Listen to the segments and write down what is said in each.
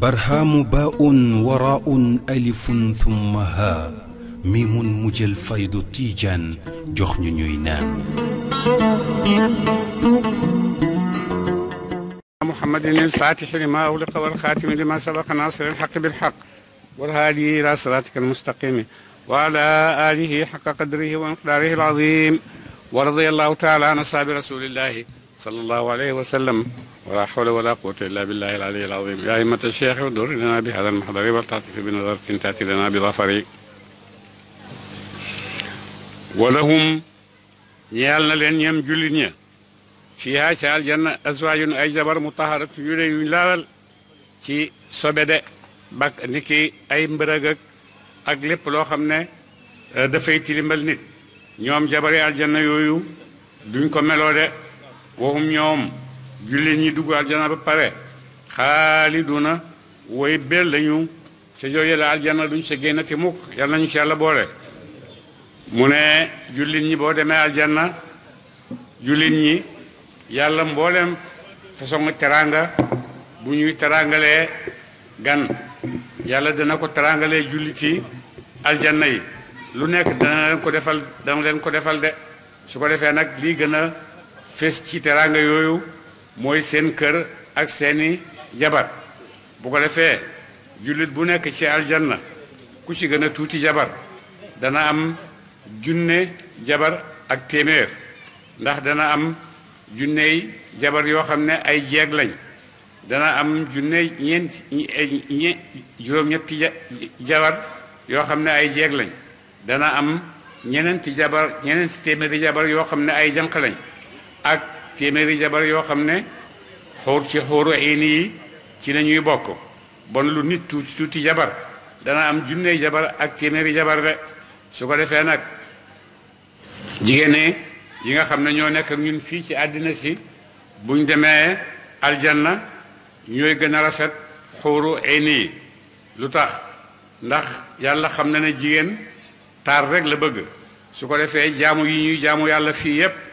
برهام باء وراء ألف ثم ها ميم مجل فيض تيجان جخن نينان محمد الفاتح لما أغلق والخاتم لما سبق ناصر الحق بالحق والهادي إلى صراطك المستقيم وعلى آله حق قدره ومقداره العظيم ورضي الله تعالى عن أصحاب رسول الله صلى الله عليه وسلم ولا حول ولا قوة إلا بالله العلي العظيم يا أئمة الشيخ ودور لنا بهذا المحضر والتعطف بنظرة تأتي لنا بظفري ولهم يالنا لن يمجلني فيها سال جنة أزواج أي زبر مطهرة يولي لال ci sobe de bak ni ki ay mbërëg ak ak lépp loo xam ne dafay tilimbal nit ñoom jabari aljanna yooyu duñ ko meloo de waxum ñoom jullit ñi dugg aljana ba pare xaaliduna way bel lañu ca jooje la aljana duñ ca génnati mukk yal nañu ci yàlla boole mu ne jullit ñi boo demee aljanna jullit ñi yàlla mboolem façon teraanga bu ñuy teraangalee gan yàlla dana ko teraangalee julliti aljanna yi lu nekk dana leen ko defal dana leen ko defal de su ko defee nag lii gën fes ci teraanga yooyu mooy seen kër ak seeni jabar bu ko defee jullit bu nekk ci aljanna ku ci gën tuuti jabar dana am junne jabar ak téeméer ndax dana am junney jabar yoo xam ne ay jeeg lañ dana am junne ñeent juróom-ñetti jabar yoo xam ne ay jeeg lañ dana am ñeneenti jabar ñeneenti téeméeri jabar yoo xam ne ay janq lañ ak téeméeri jabar yoo xam ne xóor ci xóoru ayni yi ci la bokk bon lu nit tuuti tuuti jabar dana am junney jabar ak téeméeri jabar de su ko defee nag jigéen yi nga xam ne ñoo nekk ak ñun fii ci àddina si buñ demee aljanna ñooy gën a rafet xóoru ayni yi lu tax ndax yàlla xam na ne jigéen taar rek la bëgg su ko defee jaamu yi ñuy jaamu yàlla fii yépp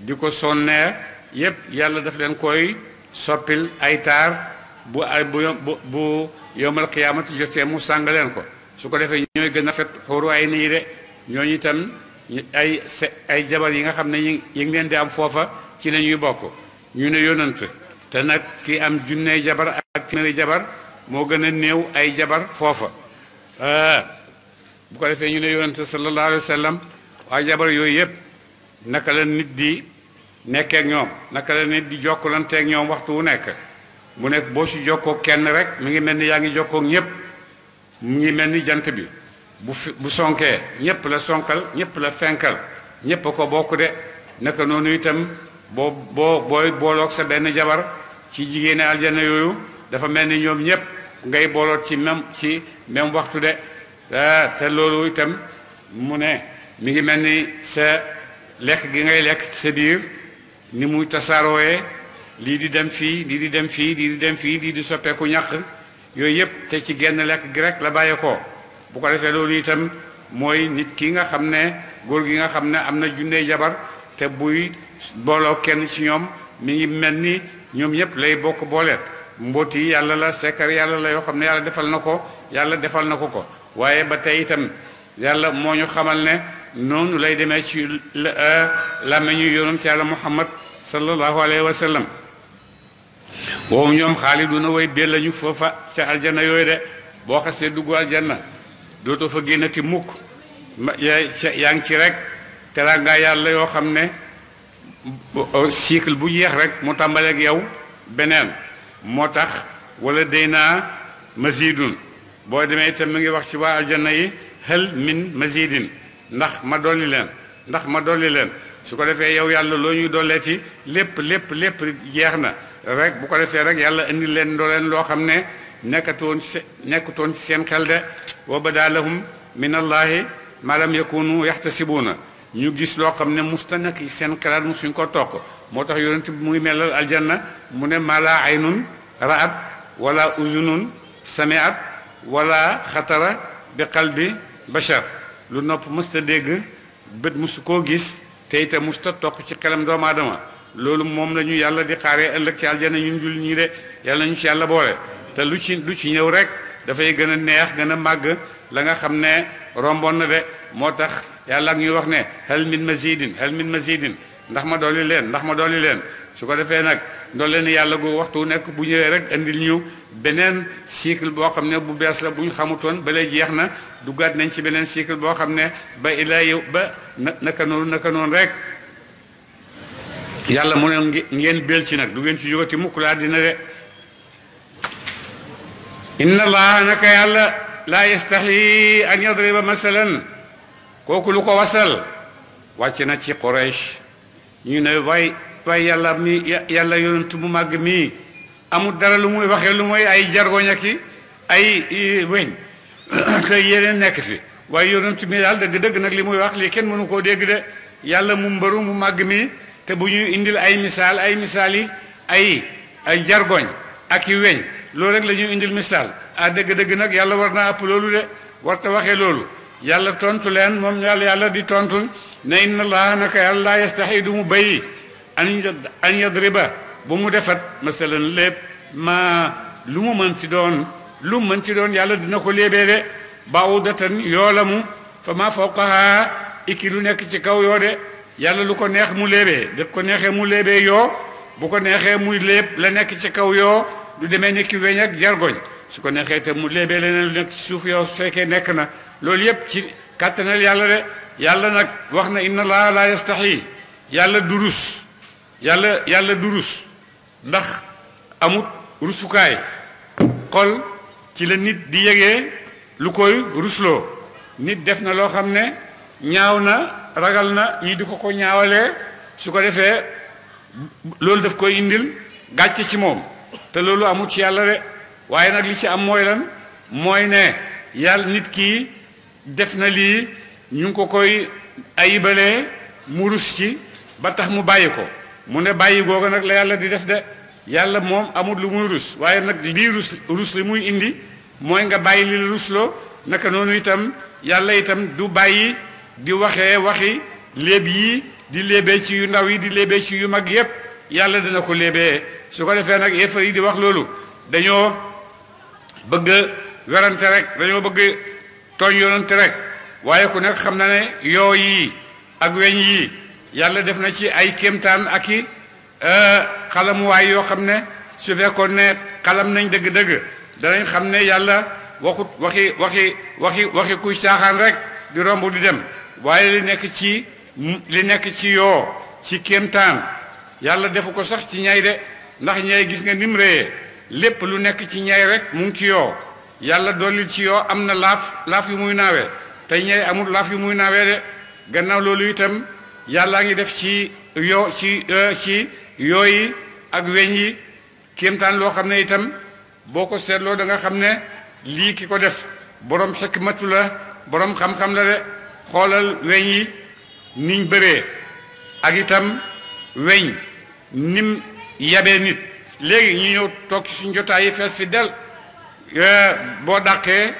di ko sonnee yépp yàlla daf leen koy soppil ay taar bu ay bu bu yowmal qiyaamati jotee mu sàng leen ko su ko defee ñooy gën a fet xóoru ay nii de ñooñu itam ay ay jabar yi nga xam ne yi ngi leen di am foofa ci lañuy bokk ñu ne yonant te nag ki am junney jabar ak téeméeri jabar moo gën a néew ay jabar foofa ah, bu ko defee ñu ne yonant sallallahu alayhi wa jabar yooyu yépp naka la nit di nekkeek ñoom naka la nit di jokkalanteek ñoom waxtu wu nekk bu nekk boo ci jokkoo kenn rek mu ngi mel ni yaa ngi jokkook ñëpp mu ngi mel ni jant bi bu bu sonkee ñëpp la sonkal ñëpp la fenkal ñëpp a ko bokk de naka noonu itam boo boo booy booloog sa benn jabar ci jigéeni aljana yooyu dafa mel ni ñoom ñëpp ngay booloot ci même ci même waxtu de ah, te loolu itam mu ne mi ngi mel ni sa lekk gi ngay lekk sa biir ni muy tasaarooyee lii di dem fii lii di dem fii lii di dem fii lii di soppeeku ñàq yooyu yëpp te ci genn lekk gi rek la bàyyeekoo bu ko defee loolu itam mooy nit ki nga xam ne góor gi nga xam ne am na junne jabar te buy booloo kenn ci ñoom mu ngi mel ni ñoom ñëpp lay bokk booleet mbóot yi yàlla la sekkar yàlla la yoo xam ne yàlla defal na ko yàlla defal na ko ko waaye ba tey itam yàlla moo ñu xamal ne نون لاي ديمي سي لا لا ميني آه، يونس محمد صلى الله عليه وسلم وهم يوم خالدون وي بيل لا فوفا سي الجنه يوي دي بو خاسي دوغو الجنه دوتو فا غيناتي موك يا يان سي رك تراغا يالله يو خامني سيكل بو ييخ رك مو تامبالك ياو بنين موتاخ ولا دينا مزيدون بو ديمي تام ميغي واخ سي وا الجنه هل من مزيدين ndax ma doli len ndax ma doli len su ko defé yow yàlla lo ñuy dolé ci lépp lépp lépp jeexna rek bu ko defé rek yàlla andi len doo leen loo xam ne nekkatoon ci seen xel de wa bada min allah ma lam yakunu yahtasibuna ñu gis lo xamné mustanak ci seen xalaat mu suñ ko tok motax yoonte bi muy melal aljanna mune mala aynun raat wala uzunun samiat wala xatara bi qalbi bashar lu nopp mësta dégg bët mësu koo gis tey te musta mësta toq ci xelam doomu aadama loolu moom la ñu yàlla di xaaree ëllëg ci aljana ñu jul ñii de yàlla ñu ci yàlla boole te lu ci lu ci ñëw rek dafay gën a neex gën a màgg la nga xam ne romboon na de moo tax yàlla ak ñuy wax ne hal min mazidin hal ma mazidin ndax ma dolli leen ndax ma dolli leen su ko defee nag ndolle ni yàlla gu waxtu nekk bu ñëwee rek andil ñu beneen cycle boo xam ne bu bees la bu ñu xamutoon ba lay jeex na duggaat nañ ci beneen cycle boo xam ne ba ilaa ba na naka noonu naka noonu rek yàlla mu ne ngeen bél ci nag du ngeen ci jógati mukk laa dina de inna allaha naka yàlla la yastaxi an yadriba masalan kooku lu ko wasal wàcc na ci Quraysh ñu ne waay waay yàlla mi yàlla yonent mu màgg mii amul dara lu muy waxee lu mooy ay jargoñ aki ay weñ tey yeneen nekk fi waaye yonent mi daal dëgg-dëgg nag li muy wax lii kenn mënu koo dégg de yàlla mu mbëru mu màgg mii te bu ñuy indil ay misaal ay misaal yi ay ay jargoñ ak yu weñ loolu rek la ñuy indil misaal ah dëgg-dëgg nag yàlla war naa ëpp loolu de warta waxee loolu yàlla tontu leen moom yàlla yàlla di tontu ne inna allaha naka yàlla laa yastaxi du mu bayi an yadriba bu mu defat masalan lépp ma lu mu mën ci doon lu mën ci doon yàlla dina ko léebeede baawudatan yoolamu fa ma fawqaha ikki lu nekk ci kaw yoo de yàlla lu ko neex mu léebee daf ko neexee mu léebee yoo bu ko neexee muy léeb la nekk ci kaw yoo du demee ni ki weñ jargoñ su ko neexee te mu léebee leneen lu nekk ci suuf yoo fekkee nekk na loolu yépp ci kàttanal yàlla de yàlla nag wax na inna allaha la yastahi yàlla durus yàlla yàlla durus ndax amut rusukaay xol ci la nit di yëgee lu koy rusloo nit def na loo xam ne ñaaw na ragal na ñi di ko ko ñaawalee su ko defee loolu daf koy indil gàcce ci moom te loolu amul ci yàlla de waaye nag li ci am mooy lan mooy ne yàlla nit kii def na lii ñu ngi ko koy ayibalee mu rus ci ba tax mu bàyyi ko mu ne bàyyi googu nag la yàlla di def de yàlla moom amul lu muy rus waaye nag lii rus rus li muy indi mooy nga bàyyi li rusloo naka noonu itam yàlla itam du bàyyi di waxee waxi léeb yi di léebee ci yu ndaw yi di léebee ci yu mag yépp yàlla dina ko léebee su ko defee nag yéefar yi di wax loolu dañoo bëgg werante rek dañoo bëgg tooñ yoonante rek waaye ku nekk xam na ne yoo yii ak weñ yii yàlla def na ci ay kéemtaan ak i xalamuwaay yoo xam ne su fekkoon ne xalam nañ dëgg-dëgg danañ xam ne yàlla waxut waxi waxi waxi waxi kuy saaxaan rek di romb di dem waaye li nekk ci li nekk ci yoo ci kéemtaan yàlla defu ko sax ci ñay de ndax ñay gis nga nim réyee lépp lu nekk ci ñay rek mu ngi ci yoo yàlla dolli ci yoo am na laaf laaf yu muy naawee te ñay amul laaf yu muy naawee de gannaaw loolu itam yàllaa ngi def ci yoo ci ci yooyu ak weñ yi kéemtaan loo xam ne itam boo ko seetloo danga xam ne lii ki ko def borom xikmatu la boroom xam-xam la de xoolal weñ yi niñ bëree ak itam weñ nim yabee nit léegi ñu ñëw toog ci suñ jotaay yi fees fi del boo daqee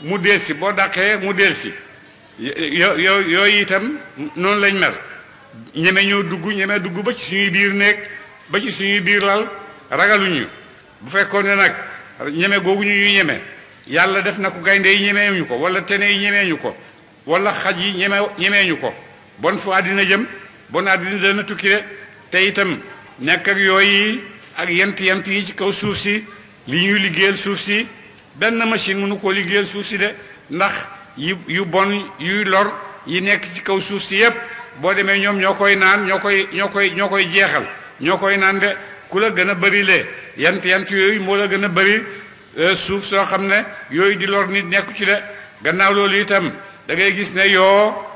mu del si boo dàqee mu del si yo yo yooyu itam noonu lañ mel ñeme ñoo dugg ñeme dugg ba ci suñuy biir néeg ba ci suñuy biir lal ragaluñu bu fekkoon ne nag ñeme googu ñu ñeme yàlla def na ko gaynde yi ñemeeñu ko wala tene yi ñemeeñu ko wala xaj yi ñeme ñemeeñu ko bon fu àddina jëm bon àddina dana tukki de te itam nekk ak yooyu ak yent yent yi ci kaw suuf si li ñuy liggéeyal suuf si benn machine mënu koo liggéeyal suuf si de ndax yu yu bon yuy lor yi nekk ci kaw suuf si yépp boo demee ñoom ñoo koy naan ñoo koy ñoo koy ñoo koy jeexal ñoo koy naan de ku la gën a bëri lee yant yant yooyu moo la gën a bëri suuf soo xam ne yooyu di lor nit nekku ci de gannaaw loolu itam da ngay gis ne yoo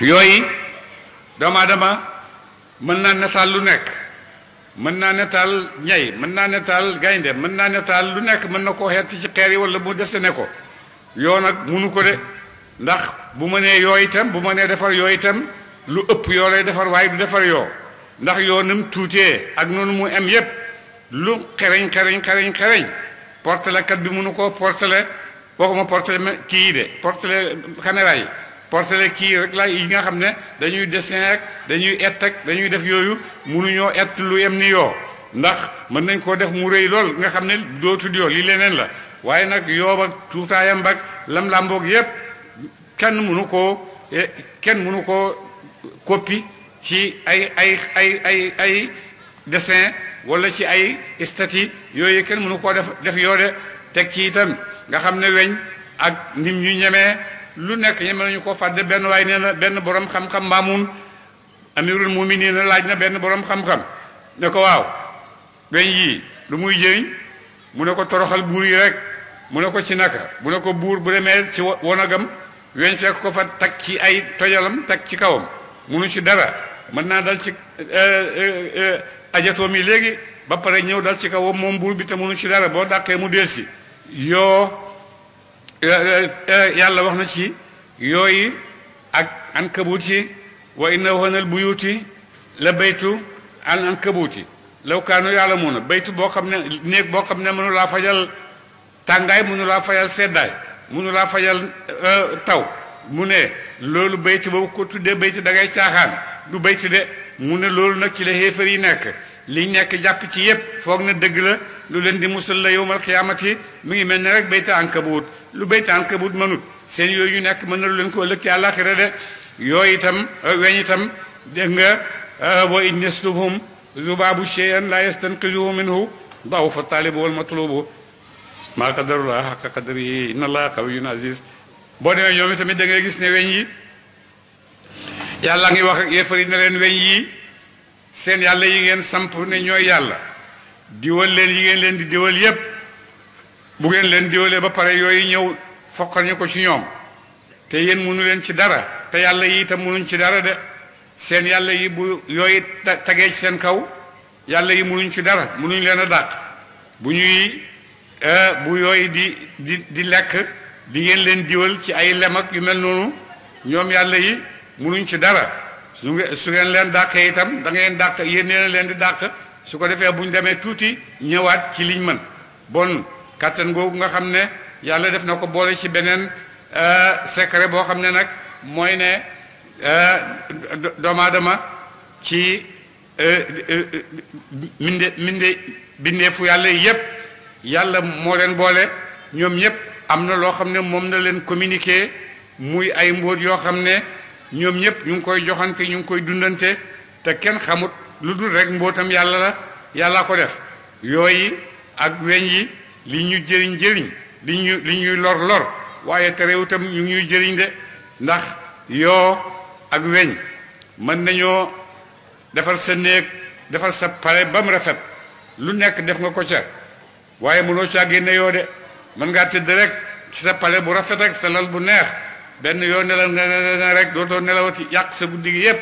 yooyu doomu aadama mën naa netaal lu nekk mën naa netaal ñay mën naa netaal gaynde mën naa netaal lu nekk mën na koo xeet ci xeer yi wala mu dese ne ko yoo nag munu ko de ndax bu ma nee yoo itam bu ma nee defar yoo itam lu ëpp yoo lay defar waaye du defar yoo ndax yoo ni mu tuutee ak noonu mu em yépp lu xereñ xereñ xereñ xereñ portale kat bi mënu koo portale waxuma portale kii de portale caméra yi portale kii rek la yi nga xam ne dañuy dessin ak dañuy ett ak dañuy def yooyu ñoo ett lu yem ni yoo ndax mën nañ koo def mu rëy lool nga xam ne dootul yoo lii leneen la waaye nag yoo ba tuutaayam bag lam-lamboog yépp kenn mënu koo eh, kenn mënu koo copie ci ay ay ay ay ay dessin wala ci ay statue yooyu kenn mënu koo def def yoo de teg ci itam nga xam ne weñ ak nim ñu ñemee lu nekk ñeme nañu ko fàdde benn waay nee na benn borom xam-xam mbaamun amirul muminin na laaj na benn boroom xam-xam ne ko waaw weñ yii lu muy jëriñ mu ne ko toroxal buur yi rek mu ne ko ci naka mu ne ko buur bu demee ci wonagam weñ fekk ko fa tag ci ay tojalam tag ci kawam munu ci dara mën naa dal ci eh, eh, eh, ajatoom yi léegi ba pare ñëw dal ci kawam moom buur bi te munu ci dara boo dàqee mu del si yoo yàlla wax na ci yooyu ak ankabut yi wa inna bu buyuti la baytu an ankabut yi law kaanu yàlla mun a baytu boo xam ne néeg boo xam ne mënu laa fajal tàngaay mënu laa fajal seddaay munu laa fajal euh, taw mu ne loolu bayti boobu ko tuddee bayti da ngay caaxaan du bayti de mu ne loolu nag ci la xéefar yi nekk liñ nekk jàpp ci yépp foog na dëgg la lu leen di musal la yowmal qiyaamati mi ngi mel ne rek bayti ankabut lu bayti ankabut mënut seen yooyu ñu nekk mën na lu leen ko ëllëg ci àllaaxira de yooyu itam euh, weñ itam dégg nga euh, wa in yaslubhum zubaabu shay'an la yastanqizuhu minhu da'ufa taalibu wal matlubu maa qadarullah xaqa qadar laa inna yu qawiyyun aziz boo demee ñoom tamit da ngay gis ne weñ yi yàlla ngi wax ak yéefar yi ne leen weñ yi seen yàlla yi ngeen samp ne ñooy yàlla diwal leen yi ngeen leen di diwal yépp bu ngeen leen diwalee ba pare yooyu ñëw foqal ko ci ñoom te yéen mënu leen ci dara te yàlla yi itam mënuñ ci dara de seen yàlla yi bu yooyu tagee ci seen kaw yàlla yi mënuñ ci dara mënuñ leen a dàq bu ñuy Ee, bu yooyu di di di lekk di ngeen leen diwal ci ay lem ak yu mel noonu ñoom yàlla yi munuñ ci dara su ngeen su ngeen itam da ngeen dàq yéen yéen di dàq su ko defee bu demee tuuti ñëwaat ci liñ mën bon kattan googu nga xam ne yàlla def na ko boole ci beneen euh, secret boo xam ne nag mooy ne euh, doomu aadama ci minde euh, minde bindeefu yàlla yépp yàlla moo leen boole ñoom ñëpp am na loo xam ne moom na leen communiqué muy ay mbóot yoo xam ne ñoom ñëpp ñu ngi koy joxante ñu ngi koy dundante te kenn xamut lu dul rek mbootam yàlla la yàllaa ko def yooyu ak weñ yi li ñu jëriñ jëriñ li ñu ñuy lor lor waaye te réew ñu ngi ñuy jëriñ de ndax yoo ak weñ mën nañoo defar sa néeg defar sa pare ba mu rafet lu nekk def nga ko ca waaye mënoo caa génne yoo de mën ngaa tëdd rek ci sa pale bu rafet rek sa lal bu neex benn yoo nelal nga rek doo doo nelawati yàq sa guddi gi yépp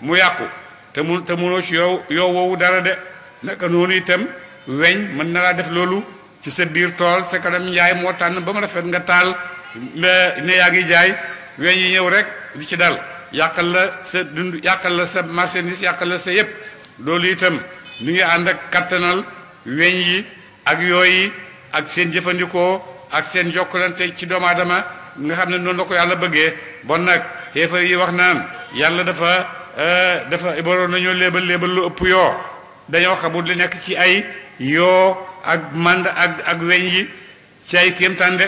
mu yàqu te mu te mënoo ci yow yow woowu dara de naka noonu itam weñ mën na laa def loolu ci sa biir tool sa njaay moo tànn ba mu rafet nga taal ne yaa ngi jaay weñ yi ñëw rek di ci dal yàqal la sa dund yàqal la sa marchandise yàqal la sa yépp loolu itam ni ngi ànd ak kattanal weñ yi ak yooyu ak seen jëfandikoo ak seen jokkalante ci doomu nga xam ne noonu la ko yàlla bëggee bon nag xeefar yi wax naan yàlla dafa euh, dafa iboroon nañoo léebal léebal lu ëpp yoo dañoo xamul li nekk ci ay yoo ak mand ak ak weñ yi ci ay kéemtaan de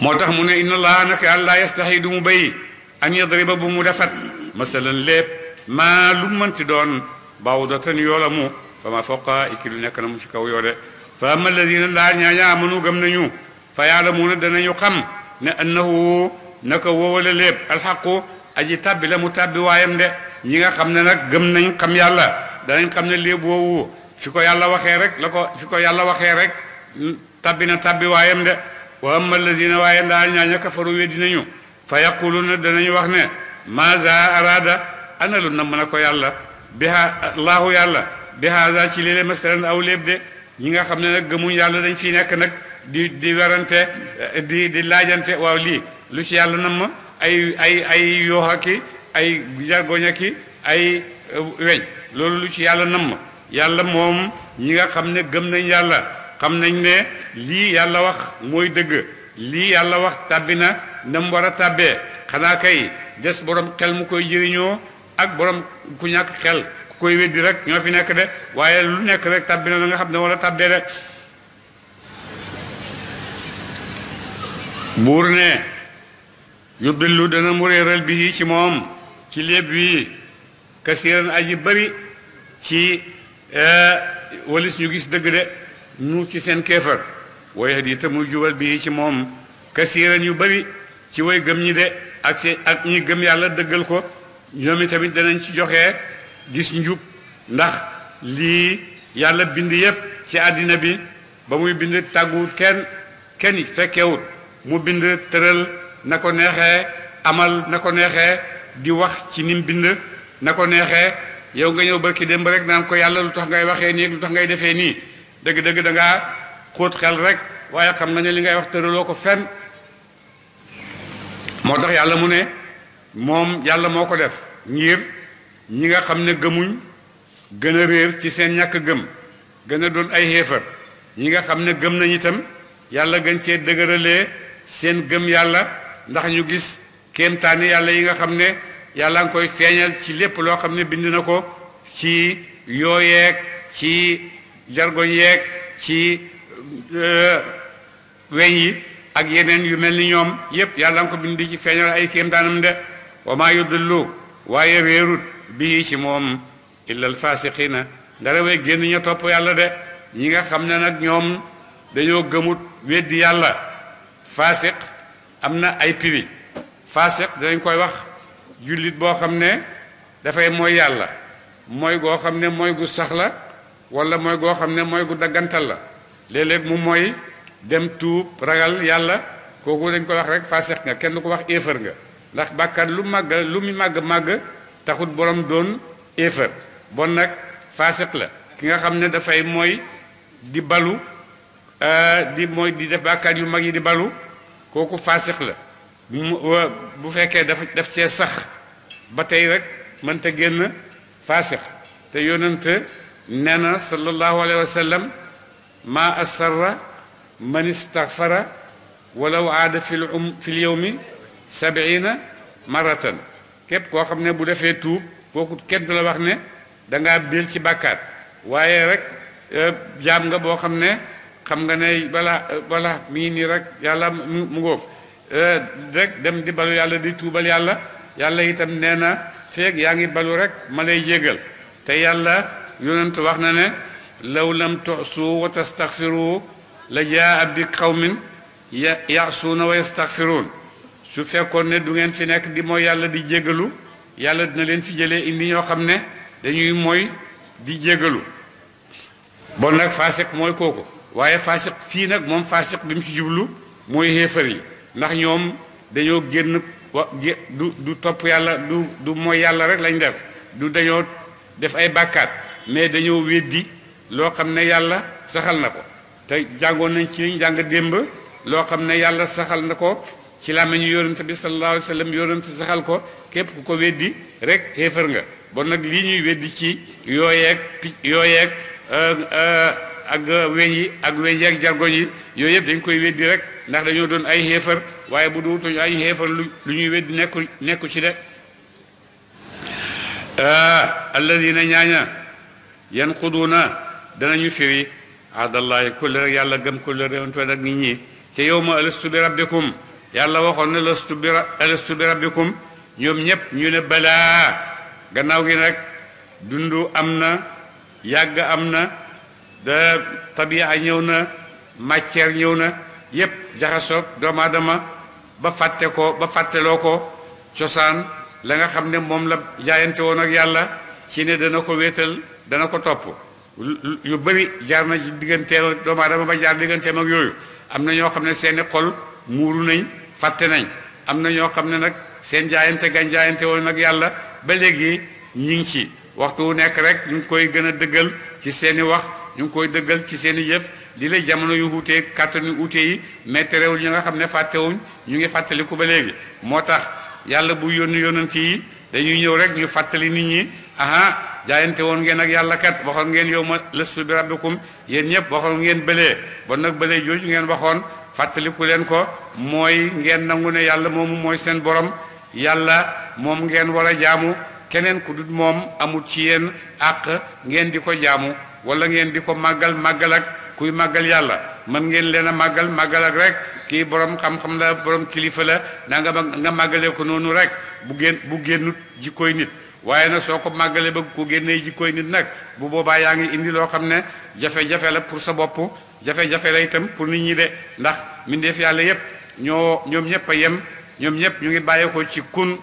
moo tax mu ne inna laa nag yàlla yastaxi du mu bay an yadriba bu mu defat masalan lépp maa lu mënti doon bawdatan yoo la mu fama fawqa ikil nekk na mu ci kaw yoole fa ama alladina laa ñaa ñaa amanu gëm nañu fa yaalamuuna danañu xam ne annahu naka woowale léeb alxaqu aji tàbbi la mu tàbbi waayam de ñi nga xam ne nag gëm nañ xam yàlla danañ xam ne léeb woowu fi ko yàlla waxee rek la ko fi ko yàlla waxee rek tàbbi na tàbbi waayam de wa ama alladina waaye ndaa ñaa ña kafaru weddi nañu fa yaquluuna danañ wax ne maza arada ana lu namm na ko yàlla biha allahu yàlla bi haasa ci léeg-léeg masalan aw léeb de ñi nga xam ne nag gëmuñ yàlla dañ fiy nekk nag di di werante di di laajante waaw lii lu ci yàlla namm ma ay ay ay yooxaki ay jargoñaki ay euh, weñ loolu lu ci yàlla namm yàlla moom ñi nga xam ne gëm nañ yàlla xam nañ ne lii yàlla wax mooy dëgg lii yàlla wax tàbbi na na war a tàbbee xanaa kay des borom xel mu koy jëriñoo ak borom ku ñàkk xel kuy wedd rek ñoo fi nekk de waaye lu nekk rek tabbi na la nga xam ne wala tabbee de buur ne yudillu dana mu réeral bi ci moom ci léeb wi kasiiran aji bari ci walis ñu gis dëgg de ñu ci seen keefar waye di te muy jubal bi ci moom kasiiran yu bari ci way gëm ñi de ak ak ñi gëm yàlla dëggal ko ñoom i tamit danañ ci joxe gis njub ndax lii yàlla bind yépp ci àddina bi ba muy bind tàgguwut kenn kenn fekkewut mu bind tëral na ko neexee amal na ko neexe di wax ci nim bind na ko neexee yow nga ñëw barki démb rek naan ko yàlla lu tax ngay waxee nii lu tax ngay defee nii dëgg-dëgg da ngaa xel rek waaye xam nañu li ngay wax tëraloo ko fenn moo tax yàlla mu ne moom yàlla moo ko def ngir ñi nga xam ne gëmuñ gën a réer ci seen ñàkk gëm gën doon ay xéefar ñi nga xam ne gëm nañ itam yàlla gën cee dëgëralee seen gëm yàlla ndax ñu gis kéemtaani yàlla yi nga xam ne yàlla koy feeñal ci lépp loo xam ne bind na ko ci yoo yeeg ci jargoñ yeeg ci euh, weñ yi ak yeneen yu mel ni ñoom yépp yàlla nga ko bind ci feeñal ay kéemtaanam de wa maa yudullu waaye réerut bii ci moom illal faasiqiina na way génn ña topp yàlla de ñi nga xam ne nag ñoom dañoo gëmut weddi yàlla faasiq am na ay piri faasiq dañ koy wax jullit boo xam ne dafay mooy yàlla mooy goo xam ne mooy gu sax la wala mooy goo xam ne mooy gu daggantal la léeg-léeg mu mooy dem tuub ragal yàlla kooku dañ koy wax rek faasiq nga kenn ko wax éefër nga ndax bàkkaar lu màgg lu màgg màgg taxut borom doon éefar bon nag faasiq la ki nga xam ne dafay mooy di balu di mooy di def bàkkaar yu mag yi di balu kooku faasiq la bu fekkee dafa def cee sax ba tey rek mënta génn faasiq te yonent nee na sallallahu alayhi wa sallam maa asarra man istaghfara walaw aada fi l um fi l yowmi sabiina maratan képp koo xam ne bu defee tuub kooku kenn du la wax ne da ngaa biil ci bàkkaat waaye rek euh, jaam nga boo xam ne xam nga ne balaa euh, balaa mi ngi nii rek yàlla mu mu ngóof euh, rek dem di balu yàlla di tuubal yàlla yàlla itam nee na feeg yaa ngi balu rek ma lay jégal te yàlla yonent wax na ne law lam tuxsuu wa tastaxfiru la jaa bi qawmin yasuuna wa yastaxfiruun su fekkoon ne du ngeen fi nekk di mooy yàlla di jéggalu yàlla dina leen fi jëlee indi ñoo xam ne dañuy mooy di jéggalu bon nag faasiq mooy kooku waaye faasiq fii nag moom faasiq bi mu si jublu mooy xéefar yi ndax ñoom dañoo génn du topp yàlla du du mooy yàlla rek lañ def du dañoo def ay bàkkaat mais dañoo weddi loo xam ne yàlla saxal na ko te jàngoon nañ ci liñ jàng démb loo xam ne yàlla saxal na ko ci làmmiñu yonent bi sallallahu alayhi wa sallam yonent saxal ko képp ku ko weddi rek xéefar nga bon nag lii ñuy weddi ci yooyeeg pi yooyeeg ak euh, euh, weñ yi ak weñ yi ak jargoñ yi yooyu yëpp dañ koy weddi rek ndax dañoo doon ay xéefar waaye bu duutuñu ay xéefar lu ñuy weddi nekku nekku ci de euh, alladina ñaaña yanquduuna danañu firi ahdallahi kulle rek yàlla gëm kulle réwantuwe ñi yow alastu bi rabbikum yàlla waxoon ne lastu bi alastu bi rabbikum ñoom ñépp ñu ne balaa gannaaw gi nag dund am na yàgg am na da tabiya ñëw na matière ñëw na yépp jaxasoog doomaadama ba fàtte ko ba fàtteloo ko cosaan la nga xam ne moom la jaayante woon ak yàlla ci ne dana ko wéetal dana ko topp yu bari jaar na ci digganteem doomu aadama ba jaar digganteem ak yooyu am na ñoo xam ne seeni xol muuru nañ fàtte nañ am na ñoo xam ne nag seen jaayante gañ jaayante woon nag yàlla ba léegi ñi ngi ci waxtu wu nekk rek ñu ngi koy gën a dëggal ci seen i wax ñu ngi koy dëggal ci seen i yëf li lay jamono yu wuute kàttanu wuute yi mais terewul ñi nga xam ne fàttewuñ ñu ngi fàttaliku ba léegi moo tax yàlla bu yónni yónnante yi dañuy ñëw rek ñu fàttali nit ñi aha jaayante woon ngeen ak yàlla kat waxoon ngeen yow ma lëstu bi rabbikum yéen ñëpp waxoon ngeen bëlee bon nag bëlee jooju ngeen waxoon fàttaliku leen ko mooy ngeen nangu ne yàlla moomu mooy seen borom yàlla moom ngeen war a jaamu keneen ku dut moom amul ci yéen àq ngeen di ko jaamu wala ngeen di ko màggal màggal kuy màggal yàlla mën ngeen leen a màggal màggal ak rek kii borom xam-xam la borom kilifa la na nga nga màggalee ko noonu rek bu génn bu génnut jikkoy nit waaye nag soo ko màggalee ba ku génnee jikkoy nit nag bu boobaa yaa ngi indi loo xam ne jafe-jafe la pour sa bopp jafe-jafe la itam pour nit ñi de ndax mbindeef yàlla yépp ñoo ñoom ñëpp a yem ñoom ñëpp ñu ngi bàyyeekoo ci kun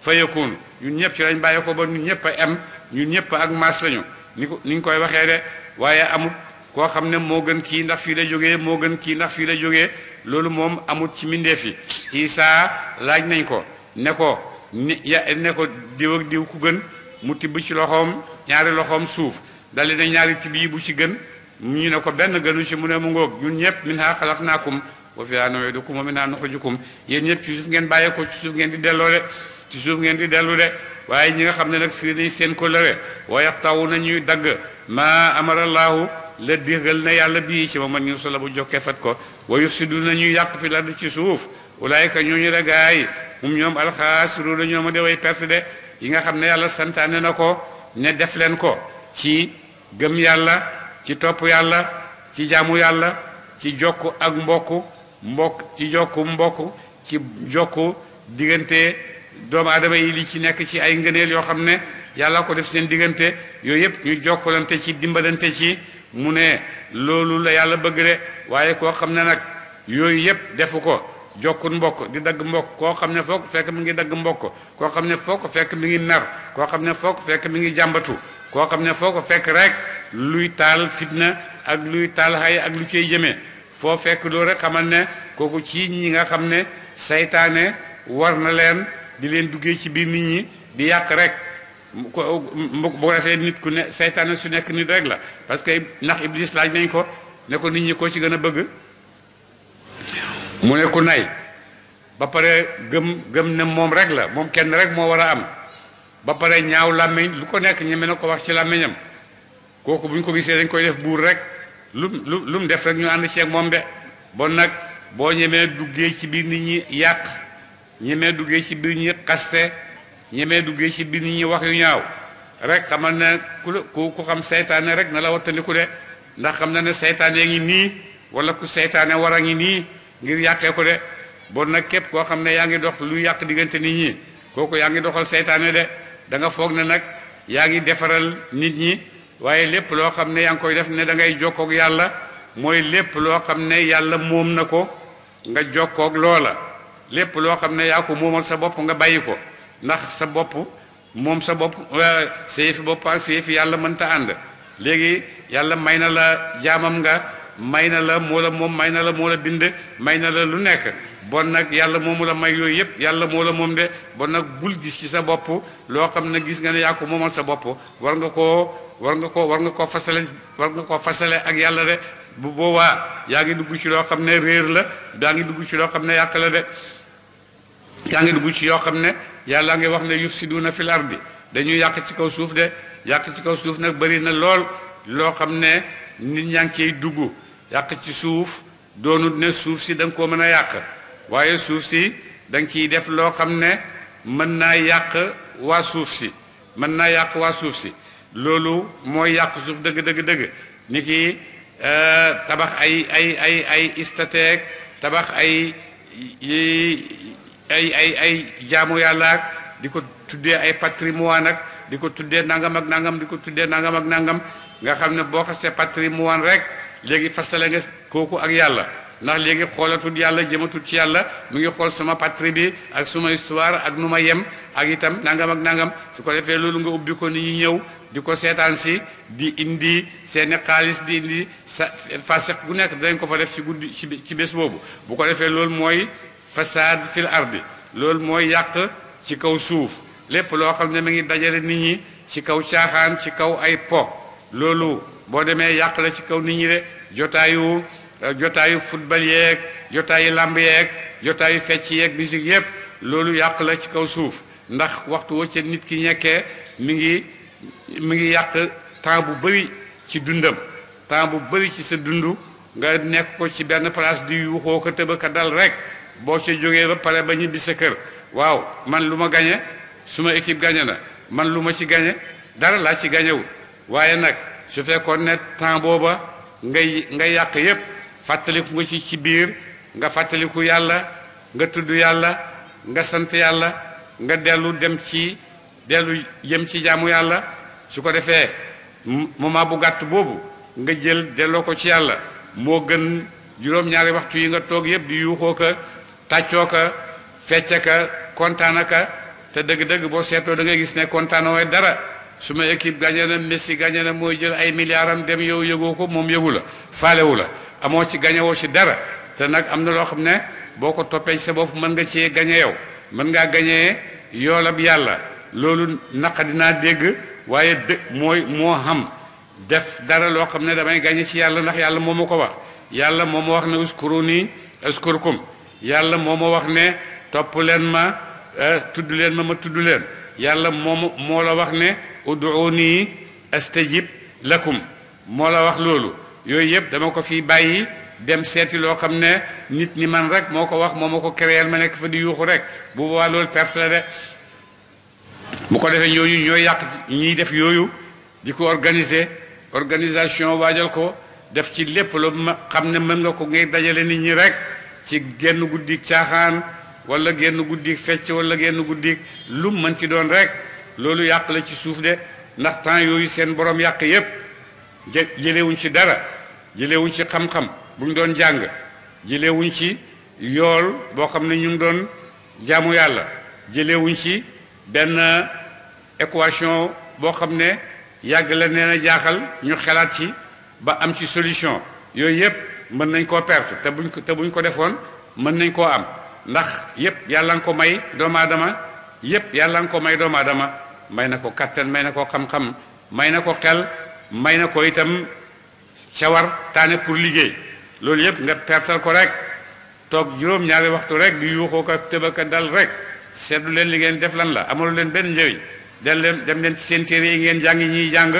fayakun ñun ñëpp ci lañ bàyyeekoo ba ñun ñëpp a am ñu ñëpp ak maas lañu ni ko ni koy waxee de waaye amut koo xam ne moo gën kii ndax fii la jógee moo gën kii ndax fii la loolu moom amut ci mbindeef yi isaa laaj nañ ko ne ko ni ya ne ko diw ak diw ku gën mu tibb ci loxoom ñaari loxoom suuf dali na ñaari tibb yi bu ci gën ñu ne ko benn gënu ci mu ne mu ngoog ñun ñëpp min ha xalaqnaakum wa fiha nu'idukum wa minha nukhrijukum yéen ñëpp ci suuf ngeen ko ci suuf ngeen di delloo de ci suuf ngeen di dellu de waaye ñi nga xam ne nag firi nañ seen kolëre wa yaxtaw na ñuy dagg ma amarallahu la digal na yàlla bii ci ma man ñu solo bu jokkee fat ko wa yufsidu na ñuy yàq fi la ci suuf ulaayka ñooñu la gaay mum ñoom alxaasiru la ñooma de way perte de yi nga xam ne yàlla santaane na ko ne def leen ko ci gëm yàlla ci topp yàlla ci jaamu yàlla ci jokk ak mbokk mbokk ci jokk mbokk ci jokk diggante doomu aadama yi li ci nekk ci ay ngëneel yoo xam ne yàlla ko def seen diggante yooyu yëpp ñu jokkalante ci dimbalante ci mu ne loolu la yàlla bëgg de waaye koo xam ne nag yooyu yëpp defu ko jokkut mbokk di dagg mbokk koo xam ne foo ko fekk mu ngi dagg mbokk koo xam ne foo ko fekk mi ngi mer koo xam ne foo ko fekk mi ngi jàmbatu koo xam ne foo ko fekk rekk luy taal fitna ak luy taal xay ak lu cay jëmee foo fekk loolu rek xamal ne kooku ci ñi nga xam ne seytaane war na leen di leen duggee ci biir nit ñi di yàq rek ko bu ko defee nit ku ne seytaane su nekk nit rek la parce que ndax iblis laaj nañ ko ne ko nit ñi koo ci gën a bëgg mu ne ku nay ba pare gëm gëm ne moom rek la moom kenn rek moo war a am ba pare ñaaw làmmiñ lu ko nekk ñeme na ko wax ci làmmiñam kooku bu ñu ko gisee dañ koy def buur rek lu lu lu mu def rek ñu ànd ceeg moom de bon nag boo ñemee duggee ci biir nit ñi yàq ñemee duggee ci biir ñi xaste ñemee duggee ci biir nit ñi wax yu ñaaw rek xamal ne ku la ku xam seytaane rek na la wattandiku de ndax xam na ne seytaanee ngi nii wala ku seytaane war ngi nii ngir yàqee ko de bon nag képp koo xam ne yaa ngi dox lu yàq diggante nit ñi kooku yaa ngi doxal seytaane de danga foog ne nag yaa ngi defaral nit ñi waaye lépp loo xam ne yaa ngi koy def ne da ngay jokkoog yàlla mooy lépp loo xam ne yàlla moom na ko nga jokkook loola lépp loo xam ne yaa ko moomal sa bopp nga bàyyi ko ndax sa bopp moom sa bopp euh, sa yëfi bopp ak sa yëfi yàlla mënta ànd léegi yàlla may na la jaamam nga may na la moo la moom may na la moo la bind may na la lu nekk bon nag yàlla moomu la may yooyu yëpp yàlla moo la moom de bon nag bul gis ci sa bopp loo xam ne gis nga ne yaa ko moomal sa bopp war nga koo war nga koo war nga koo fasale war nga koo fasale ak yàlla de bu boobaa yaa ngi dugg ci loo xam ne réer la yaa ngi dugg ci loo xam ne yàq la de yaa ngi dugg ci yoo xam ne yàlla ngi wax ne yufsiduuna fil ardi dañuy yàq ci kaw suuf de yàq ci kaw suuf nag bari na lool loo xam ne nit ñaa ngi ciy dugg yàq ci suuf doonu ne suuf si da nga koo mën a yàq waaye suuf si danga ciy def loo xam ne mën naa yàq waa suuf si mën naa yàq waa suuf si loolu mooy yàq suuf dëgg dëgg dëgg ni ki euh, tabax ay ay ay ay istateek tabax ay ay ay jaamu yàlla ak di ko tuddee ay patrimoine ak di ko tuddee nangam ak nangam di ko tuddee nangam ak nangam nga xam ne boo xasee patrimoine rek léegi fastele nga kooku ak yàlla ndax léegi xoolatul yàlla jëmatul ci yàlla mu ngi xool sama patrie bi ak suma histoire ak nu ma yem ak itam nangam ak nangam su ko defee loolu nga ubbi ko ni ñu ñëw di ko seetaan si di indi seeni xaalis di indi sa fasiq gu nekk danañ ko fa def ci guddi ci bés boobu bu ko defee loolu mooy fasaad fil ardi loolu mooy yàq ci kaw suuf lépp loo xam ne mi ngi dajale nit ñi ci kaw caaxaan ci kaw ay po loolu boo demee yàq la ci kaw nit ñi de jotaayu jotaayu football yeeg jotaayu làmb yeeg jotaayu fecc yeeg musique yépp loolu yàq la ci kaw suuf ndax waxtu woo ca nit ki ñekkee mi ngi mi ngi yàq temps bu bëri ci dundam temps bu bëri ci sa dund nga nekk ko ci benn place di yuuxoo ko tëba dal rek boo ca jógee ba pare ba ñibbi sa kër waaw man lu ma gañe suma équipe gañe na man lu ma ci gañe dara laa ci gañewul waaye nag su fekkoon ne temps booba ngay ngay yàq yépp fàttaliku nga ci ci biir nga fàttaliku yàlla nga tudd yàlla nga sant yàlla nga dellu dem ci dellu yem ci jaamu yàlla su ko defee moment bu gàtt boobu nga jël delloo ko ci yàlla moo gën juróom-ñaari waxtu yi nga toog yépp di yuuxoo ka tàccoo ka fecce ka kontaana ka te dëgg-dëgg boo seetoo da ngay gis ne kontaanoo dara suma ma équipe gagné na Messi gagné mooy jël ay milliards dem yow yëgoo ko moom yëgu la faalewu la amoo ci gañewoo ci dara te nag am na loo xam ne boo ko toppee sa bopp mën nga cee gañe yow mën ngaa gañee yoolab yàlla loolu naqa dinaa dégg waaye dë mooy moo xam def dara loo xam ne damay gañe ci yàlla ndax yàlla moo ma ko wax yàlla moo ma wax ne nii uskurkum yàlla moo ma wax ne topp leen ma euh, tudd leen ma ma tudd leen yàlla moom moo la wax ne ud'uni astajib lakum moo la wax loolu yooyu yëpp dama ko fi bàyyi dem seeti loo xam ne nit ñi man rek moo ko wax moo ma ko créer ma nekk fa di yuuxu rek bu boobaa loolu perte la de bu ko defee ñooñu ñooy yàq ñiy def yooyu di ko organiser organisation waajal ko def ci lépp loo xam ne mën nga ko ngay dajale nit ñi rek ci génn guddi caaxaan wala genn guddi fecc wala genn guddi lum mën ci doon rek loolu yàq la ci suuf de ndax temps yooyu seen borom yàq yépp jë jëlewuñ ci dara jëlewuñ ci xam-xam bu ñu doon jàng jëlewuñ ci yool boo xam ne ñu ngi doon jaamu yàlla jëlewuñ ci benn équation boo xam ne yàgg la nee na jaaxal ñu xalaat ci ba am ci solution yooyu yépp mën nañ koo perte te buñ ko te buñ ko defoon mën nañ koo am ndax yépp yàlla nga ko may doom aadama yépp yàlla nga ko may doomu aadama may na ko kàttan may na ko xam-xam may na ko xel may na ko itam cawar taane pour liggéey loolu yëpp nga pertal ko rek toog juróom-ñaari waxtu rek di yuuxoo ko tëbaka dal rek seetlu leen li ngeen def lan la amalu leen benn njëriñ dem leen dem leen ci seen téere yi ngeen jàng ñiy jàng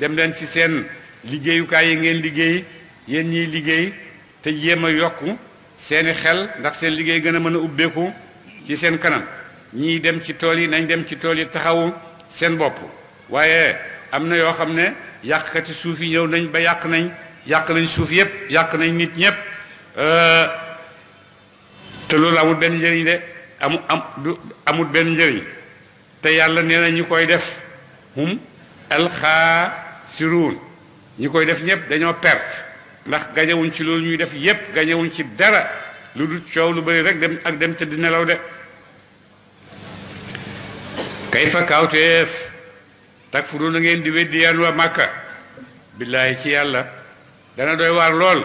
dem leen ci seen liggéeyukaay yi ngeen liggéey yéen ñiy liggéey te yéem a yokku seeni xel ndax seen liggéey gën a mën a ubbeeku ci seen kanam ñii dem ci tool yi nañ dem ci tool yi taxawu seen bopp waaye am na yoo xam ne yàqkati suuf yi ñëw nañ ba yàq nañ yàq nañ suuf yépp yàq nañ nit ñépp euh, te loolu amul benn njëriñ de amul am amul benn njëriñ te yàlla nee na ñi koy def hum alxaasiruun ñi koy def ñépp dañoo perte ndax gañewuñ ci loolu ñuy def yépp gañewuñ ci dara lu dul coow lu bari rek dem ak dem tëdd nelaw de kay fa kawteef takfuru na ngeen di weddi yéen waa màkka billaahi ci yàlla dana doy waar lool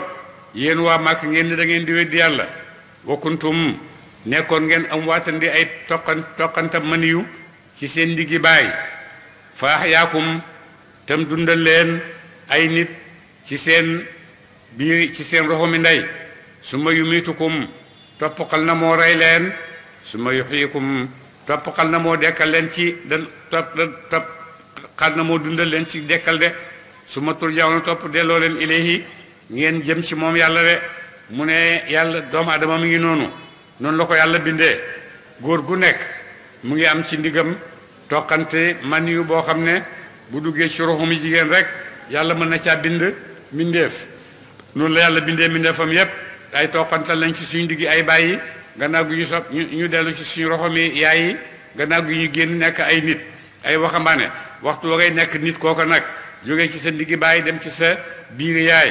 yéen waa màkk ngeen ni da di weddi yàlla wakkuntum nekkoon ngeen am waatandi ay toqan toqanta maniyu ci seen ndiggi baay faax yaakum tam dundal leen ay nit ci seen biir ci seen roxo ndey su ma yumitukum topp xal na moo rey leen su ma yuxiikum topp xal na moo dekkal leen ci da topp xar na moo dundal leen ci dekkal de su ma tur jaw topp delloo leen ilayhi ngeen jëm ci moom yàlla de mu ne yàlla doomu adama mi ngi noonu noonu la ko yàlla bindee góor gu nekk mu ngi am ci ndigam toqante man yu boo xam ne bu duggee ci ruxum jigéen rek yàlla mën na caa bind mbindeef noonu la yàlla bindee mbindeefam yépp ay toqantal lañ ci suñu diggi ay bàyyi gannaaw gi ñu sob ñu dellu ci suñu roxom yi yaay yi gannaaw gi ñu génn nekk ay nit ay waxambaane waxtu wa ngay nekk nit kooko nag jógee ci sa diggi bàyyi dem ci sa biir yaay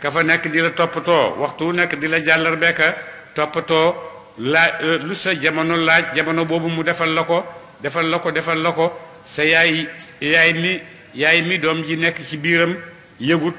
kafa nekk di la toppatoo waxtu wu nekk di la jàllar bekka toppatoo laaj euh, lu sa jamono laaj jamono boobu mu defal la ko defal la ko defal la ko sa yaay yaay mi yaay mi doom ji nekk ci biiram yëgut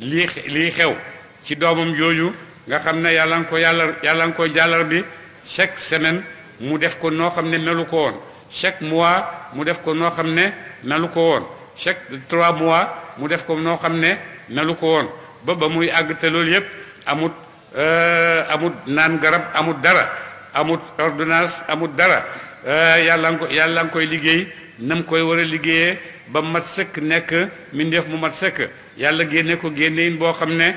lii xew ci doomam jooju nga xam ne yàlla nga ko yàlla yàlla nga ko jàllar bi chaque semaine mu def ko noo xam ne melu ko woon chaque mois mu def ko noo xam ne melu ko woon chaque trois mois mu def ko noo xam ne melu ko woon ba ba muy àgg te loolu yépp amut euh, amut naan garab amut dara amut ordonnance amut dara euh, yàlla nga ko yàlla nga koy liggéey nam koy war a liggéeyee ba mu mat sëkk nekk mbindeef mu mat sëkk yàlla génne ko génneyin boo xam ne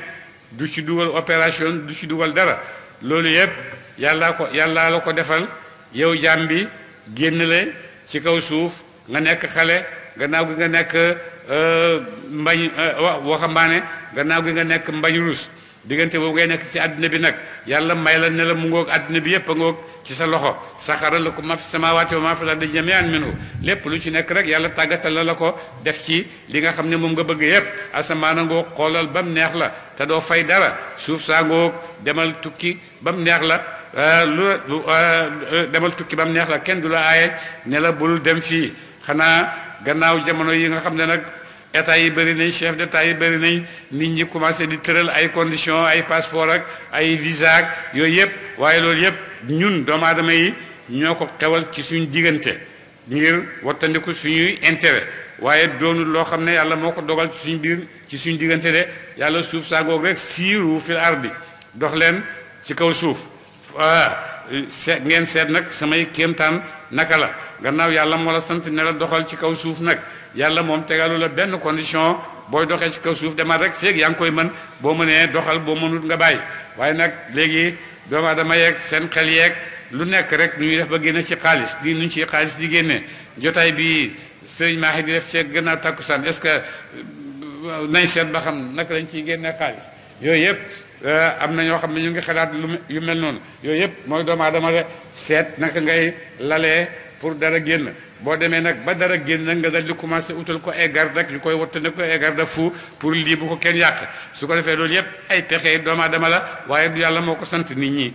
du ci dugal opération du ci dugal dara loolu yépp yàllaa ko yàllaa la ko defal yow jaam bi génn la ci kaw suuf nga nekk xale gannaaw gi nga nekk euh, mbañ euh, waxambaane gannaaw gi nga nekk mbañ rus diggante boobu ngay nekk ci àddina bi nag yàlla may la ne la mu ngoog àddina bi yépp a ngoog ci sa loxo saxara la ko ma fi samaawaati wa ma fi al-ardi jamii'an lépp lu ci nekk rek yàlla tàggatal la la ko def ci li nga xam ne moom nga bëgg yépp asamaan ngoog xoolal ba mu neex la te doo fay dara suuf saa ngoog demal tukki ba mu neex la lu demal tukki ba mu neex la kenn du la aaye ne la bul dem fii xanaa gannaaw jamono yi nga xam ne nag état yi bëri nañ chef d'état yi bëri nañ nit ñi commencé di tëral ay conditions ay passeport ak ay visa ak yooyu yëpp waaye loolu yëpp ñun doomu aadama yi ñoo ko xewal ci suñu diggante ngir wattandiku suñuy intérêt waaye doonul loo xam ne yàlla moo ko dogal ci suñ biir ci suñ diggante de yàlla suuf saa goog rek siiru fil ardi dox leen ci kaw suuf Ah, seet ngeen seet nag samay kéemtaan naka la gannaaw yàlla moo la sant ne la doxal ci kaw suuf nag yàlla moom tegalu la benn condition booy doxee ci kaw suuf demaat rek feeg yaa ngi koy mën boo mënee doxal boo mënut nga bàyyi waaye nag léegi doomu aadama yeeg seen xel yeeg lu nekk rek nu ñuy def ba génne ci xaalis di nuñ ci xaalis di génne jotaay bi sëñ Mahi di def ci gannaaw takkusaan est-ce que euh, nañ seet ba xam naka lañ ciy génne xaalis yooyu yëpp. Eh, am na ñoo xam ne ñu ngi xalaat lu yu mel noonu yooyu yëpp mooy doomu aadama seet naka ngay lalee pour dara génn boo demee nag ba dara génn nga dal di commencé utal ko ay garde ak ñu koy watta ne ko ay garde fu pour lii bu ko kenn yàq su ko defee loolu yëpp ay pexe doomu aadama la waaye du yàlla moo ko sant nit ñi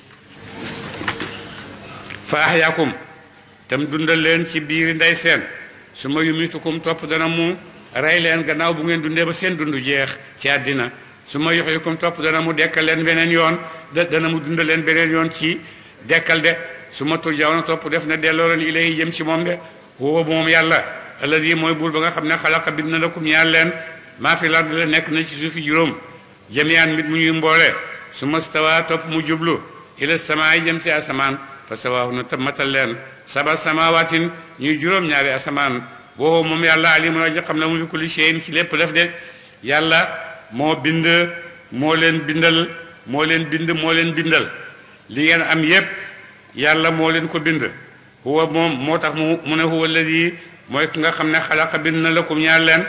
faax yaakum tam dundal leen ci biiri ndey seen su ma yumitukum topp dana mu rey leen gannaaw bu ngeen dundee ba seen dund jeex ci àddina su ma yox yukum topp dana mu dekkal leen beneen yoon da dana mu dunda leen beneen yoon ci dekkal de su ma turjaaw na topp def na delloo leen ilay jëm ci moom de woowa moom yàlla alladi mooy buur ba nga xam ne xalaqa bind na lakum ñaar leen maa fi lard la nekk na ci suufi juróom jamiyaan mit mu ñuy mboole su ma stawa topp mu jublu ila samaay jëm ci asamaan fa sawaahu na matal leen saba samawaatin ñuy juróom-ñaari asamaan woo moom yàlla alimun aji xam ne mu bi kulli shay'in ci lépp def de yàlla moo bind moo leen bindal moo leen bind moo leen bindal li ngeen am yépp yàlla moo leen ko bind huwa moom moo tax mu mu ne huwa alladi mooy ki nga xam ne xalaqa bind na lakum ñaar leen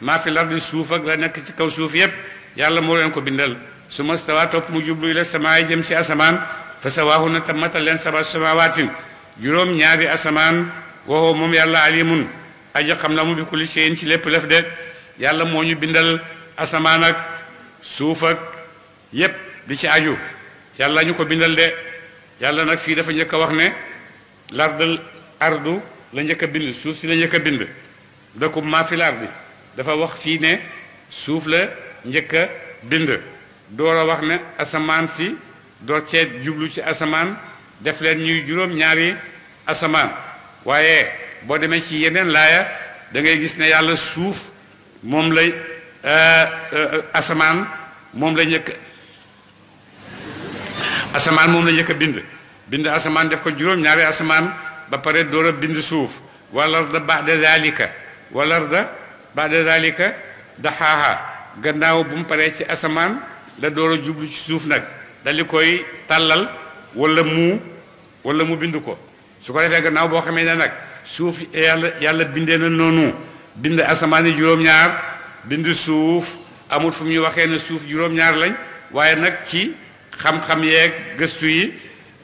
maa fi lardi suuf ak la nekk ci kaw suuf yépp yàlla moo leen ko bindal su ma stawaa topp mu jublu ila samaay jëm ci asamaan fa sawaahu na tam matal leen saba samawaatin juróom ñaari asamaan waxoo moom yàlla alimun aji xam la mu bi kulli shay'in ci lépp lef de yàlla moo ñu bindal asamaan ak suuf ak yépp di ci aju yàlla ñu ko bindal de yàlla nag fii dafa njëkk a wax ne lardal ardu la njëkk a bind suuf si la njëkk a bind dakum maa fil dafa wax fii ne suuf la njëkk a bind door a wax ne asamaan si door ceet jublu ci asamaan def leen ñuy juróom ñaari asamaan waaye boo demee ci yeneen laaya da ngay gis ne yàlla suuf moom lay euh, euh, asamaan moom la njëkk asamaan moom la njëkk a bind bind asamaan def ko juróom-ñaari asamaan ba pare door a bind suuf walarda ba'da zalika walarda ba'da zalika daxaaha gannaaw bu mu paree ci asamaan la door a jublu ci suuf nag dali koy tàllal wala mu wala mu bind ko su ko defee gannaaw boo xamee ne nag suuf yàlla yàlla bindee na noonu bind asamaan yi juróom-ñaar bind suuf amul fu muy waxee ne suuf juróom-ñaar lañ waaye nag ci xam-xam yeeg gëstu yi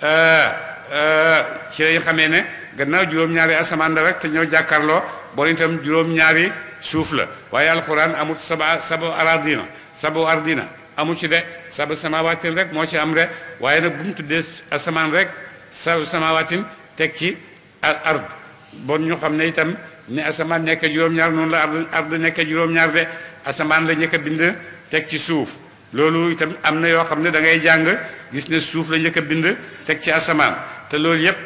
euh, euh, ci lañ xamee ne gannaaw juróom-ñaari asamaan la rek te ñoo jàkkaarloo boole itam juróom-ñaari suuf la waaye alxuraan amul saba sabo aradina sabo ardina amu ci de saba samawaatin rek moo ci am de waaye nag bu mu asamaan rek saba samawaatin teg ci ard bon ñu xamne itam ne asaman nek juróom-ñaar non la ard nek juróom-ñaar de asaman la njëkk bind tek ci suuf lolu itam amna yo xamne da ngay jàng gis ne suuf la njëkk bind tek ci asaman te lolu yépp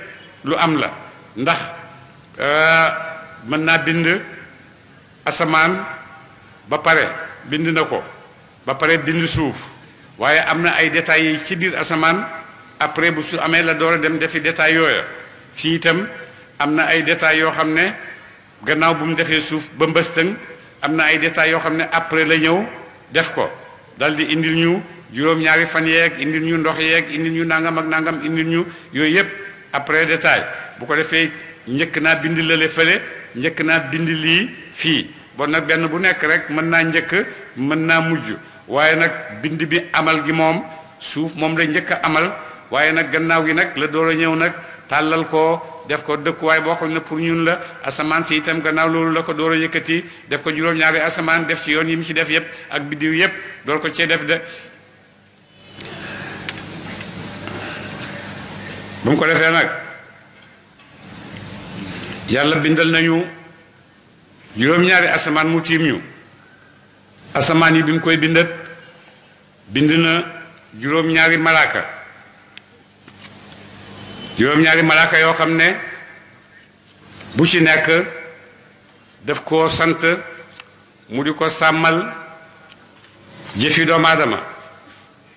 lu am la ndax euh man na bind asaman ba pare bind nako ba pare bind suuf waye amna ay détails ci bir asaman après bu su amé la doora a dem defi détails yooya fi itam am na ay détails yoo xam ne gannaaw bu mu defee suuf ba mbëstëng am na ay détails yoo xam ne après la ñëw def ko dal di indil ñu juróom-ñaari fan yeeg indil ñu ndox yeeg indi ñu nangam ak nangam indil ñu yooyu yëpp après détail bu ko defee njëkk naa bind lale fële njëkk naa bind lii fii bon nag benn bu nekk rek mën naa njëkk mën naa mujj waaye nag bind bi amal gi moom suuf moom la njëkk a amal waaye nag gannaaw gi nag la door a ñëw nag tàllal ko def ko dëkkuwaay boo xam ne pour ñun la asamaan si itam gannaaw loolu la ko door a yëkkati def ko juróom-ñaari asamaan def ci yoon yi mu ci def yépp ak biddiw yépp door ko cee def de bu mu ko defee nag yàlla bindal nañu juróom-ñaari asamaan mu tiim ñu asamaan yi bi mu koy bindat bind na juróom-ñaari malaaka juróom-ñaari malaaka yoo xam ne bu ci nekk daf koo sant mu di ko sàmmal jëfi doomu aadama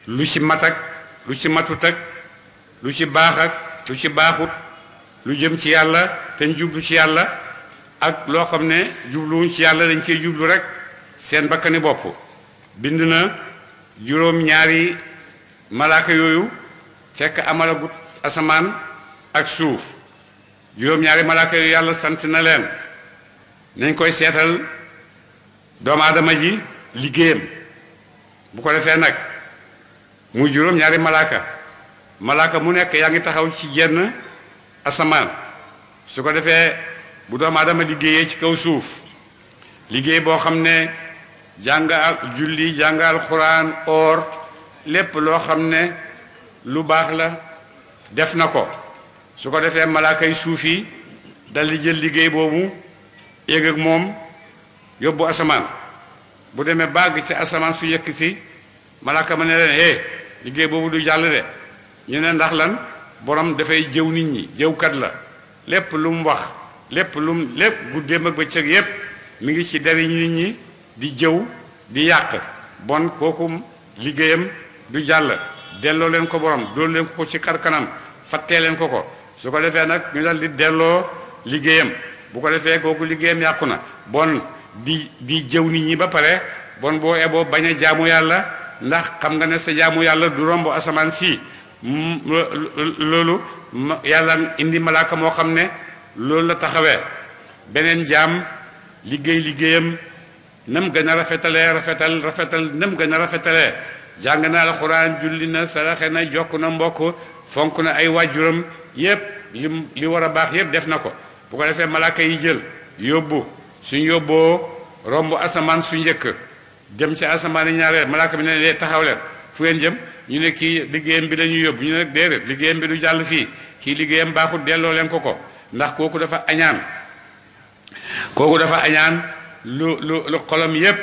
lu ci mat ak lu ci matut ak lu ci baax lu ci baaxut lu jëm ci yàlla te jublu ci yàlla ak loo xam ne jubluwuñ ci yàlla dañ cee jublu rekk seen bakkani bopp bind na juróom-ñaari malaaka yooyu fekk amalagut asamaan ak suuf juróom-ñaari malaaka yu yàlla sant na leen nañ koy seetal doomu aadama ji liggéeyam bu ko defee nag muy juróom-ñaari malaaka malaaka mu nekk yaa ngi taxaw ci jenn asamaan su ko defee bu doomu aadama liggéeyee ci kaw suuf liggéey boo xam ne jàngal julli jàngal xuraan or lépp loo xam ne lu baax la def na ko su ko defee malaaka yi suuf yi dal di jël liggéey boobu yéeg ak moom yóbbu asamaan bu demee bàgg ci asamaan su yëkk si malaaka ma ne leen eh liggéey boobu du jàll de ñu ne ndax lan borom dafay jëw nit ñi jëwkat la lépp lu wax lépp lu mu lépp guddeem ak ba bëccëg yépp mu ngi ci dariñ nit ñi di jëw di yàq bon kooku liggéeyam du jàll delloo leen ko borom dóor leen ko ko ci kar kanam fattee leen ko ko su ko defee nag ñu dal di delloo liggéeyam bu ko defee kooku liggéeyam yàqu na bon di di jëw nit ñi ba pare bon boo eboo bañ a jaamu yàlla ndax xam nga ne sa jaamu yàlla du romb asamaan si mm, loolu yàlla indi malaaka moo xam ne loolu la taxawee beneen jaam liggéey liggéeyam nam gën a rafetalee rafetal rafetal nam gën a rafetalee jàng naa na alxuraan julli na saraxe na jokk na mbokk fonk na ay waajuram yépp li li war a baax yépp def na ko bu ko defee malaaka yi jël yóbbu suñ yóbboo romb asamaan su njëkk dem ci asamaan yi ñaareel malaaka bi ne lee taxaw leen fu ngeen jëm ñu ne kii liggéeyam bi dañuy yóbbu ñu ne déedéet liggéeyam bi du jàll fii kii liggéeyam baaxut delloo leen ko ko ndax kooku dafa añaan kooku dafa añaan lu lu lu xolam yépp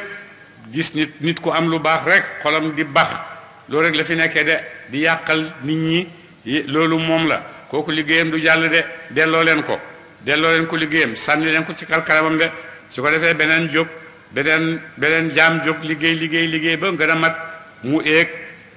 gis nit nit ku am lu baax rek xolam di bax loolu rek la fi nekkee de di yàqal nit ñi loolu moom la kooku liggéeyam du jàll de delloo leen ko delloo leen ko liggéeyam sànni leen ko ci kalkaramam de su ko defee beneen jóg beneen beneen jaam jóg liggéey liggéey liggéey ba gën a mat mu éeg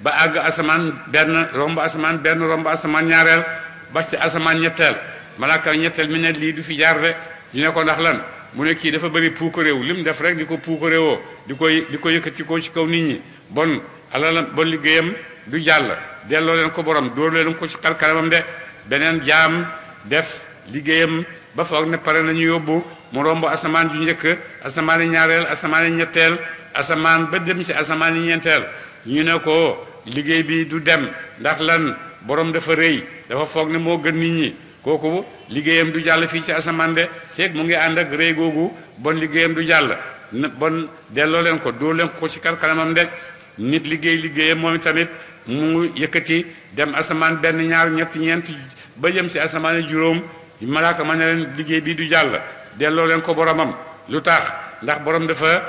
ba àgg asamaan benn romb asamaan benn romb asamaan ñaareel ba ci asamaan ñetteel malaaka ñetteel mi ne lii du fi jaar de ñu ne ko ndax lan mu ne kii dafa bëri puukaréew li mu def rek di ko puukaréewoo di koy di ko yëkkati ko ci kaw nit ñi bon alalam bon liggéeyam du jàll delloo leen ko borom dóor ko ci xalkalamam de beneen jaam def liggéeyam ba foog ne pare nañu yóbbu mu romb asamaan ju njëkk asamaan yi ñaareel asamaan yi ñetteel asamaan ba dem ci asamaan yi ñeenteel ñu ne ko liggéey bi du dem ndax lan borom dafa rëy dafa foog ne moo gën nit ñi kooku liggéeyam du jàll fii ci asamaan de fekk mu ngi ànd ak rëy googu bon liggéeyam du jàll bon delloo leen ko doo leen ko ci kar kanamam de nit liggéey liggéeyam moom tamit mu yëkkati dem asamaan benn ñaar ñett ñeent ba jëm si asamaan juróom malaaka ma ne leen liggéey bi du jàll delloo leen ko boromam lu tax ndax borom dafa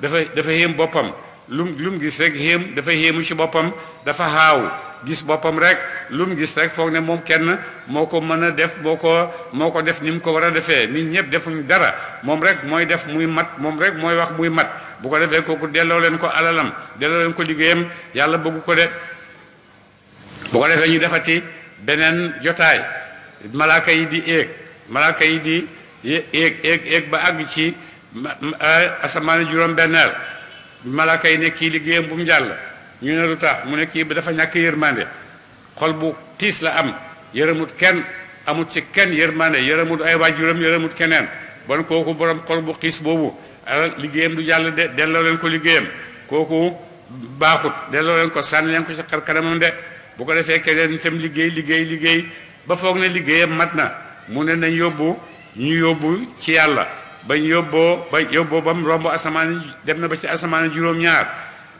dafa dafa yéem boppam lu mu gis rek yéem dafa yéemu ci boppam dafa xaaw gis boppam rek lu mu gis rek foog ne moom kenn moo ko mën a def moo ko moo ko def ni mu ko war a defee nit ñëpp defuñ dara moom rek mooy def muy mat moom rek mooy wax muy mat bu ko defee kooku delloo leen ko alalam delloo leen ko liggéeyam yàlla bëggu ko de bu ko defee ñu defati beneen jotaay malaaka yi di éeg malaaka yi ba àgg ci asamaan juróom-benneel malaaka yi ne kii liggéeyam bu mu jàll ñu ne lu tax mu ne kii dafa ñàkk yërmande xol bu tiis la am yërëmut kenn amut ci kenn yërmande yërëmut ay waajuram yërëmut keneen bon kooku borom xol bu xiis boobu liggéeyam du jàll de delloo leen ko liggéeyam kooku baaxut delloo leen ko sànni leen ko ci xar kanamam de bu ko defee keneen itam liggéey liggéey liggéey ba foog ne liggéeyam mat na mu ne nañ yóbbu ñu yóbbu ci yàlla bañ yóbboo ba yóbboo bam romb asamaan dem na ba ci asamaan juróom-ñaar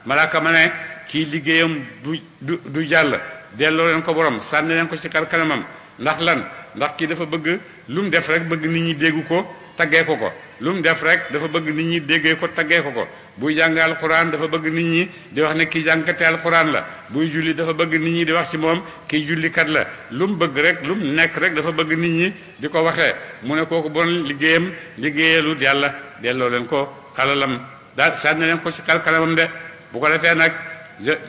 malaaka ma ne kii liggéeyam du du du jàll delloo leen ko borom sànni leen ko ci kar kanamam ndax lan ndax kii dafa bëgg lu mu def rek bëgg nit ñi dégg ko taggee ko ko lu mu def rek dafa bëgg nit ñi déggee ko taggee ko ko buy jàng alxuraan dafa bëgg nit ñi di wax ne kii jàngkate alxuraan la buy julli dafa bëgg nit ñi di wax ci moom kii jullikat la lu mu bëgg rek lu nekk rek dafa bëgg nit ñi di ko waxee mu ne kooku bon liggéeyam liggéeyalut yàlla delloo leen ko alalam daal sànni leen ko ci kal kalamam de bu ko defee nag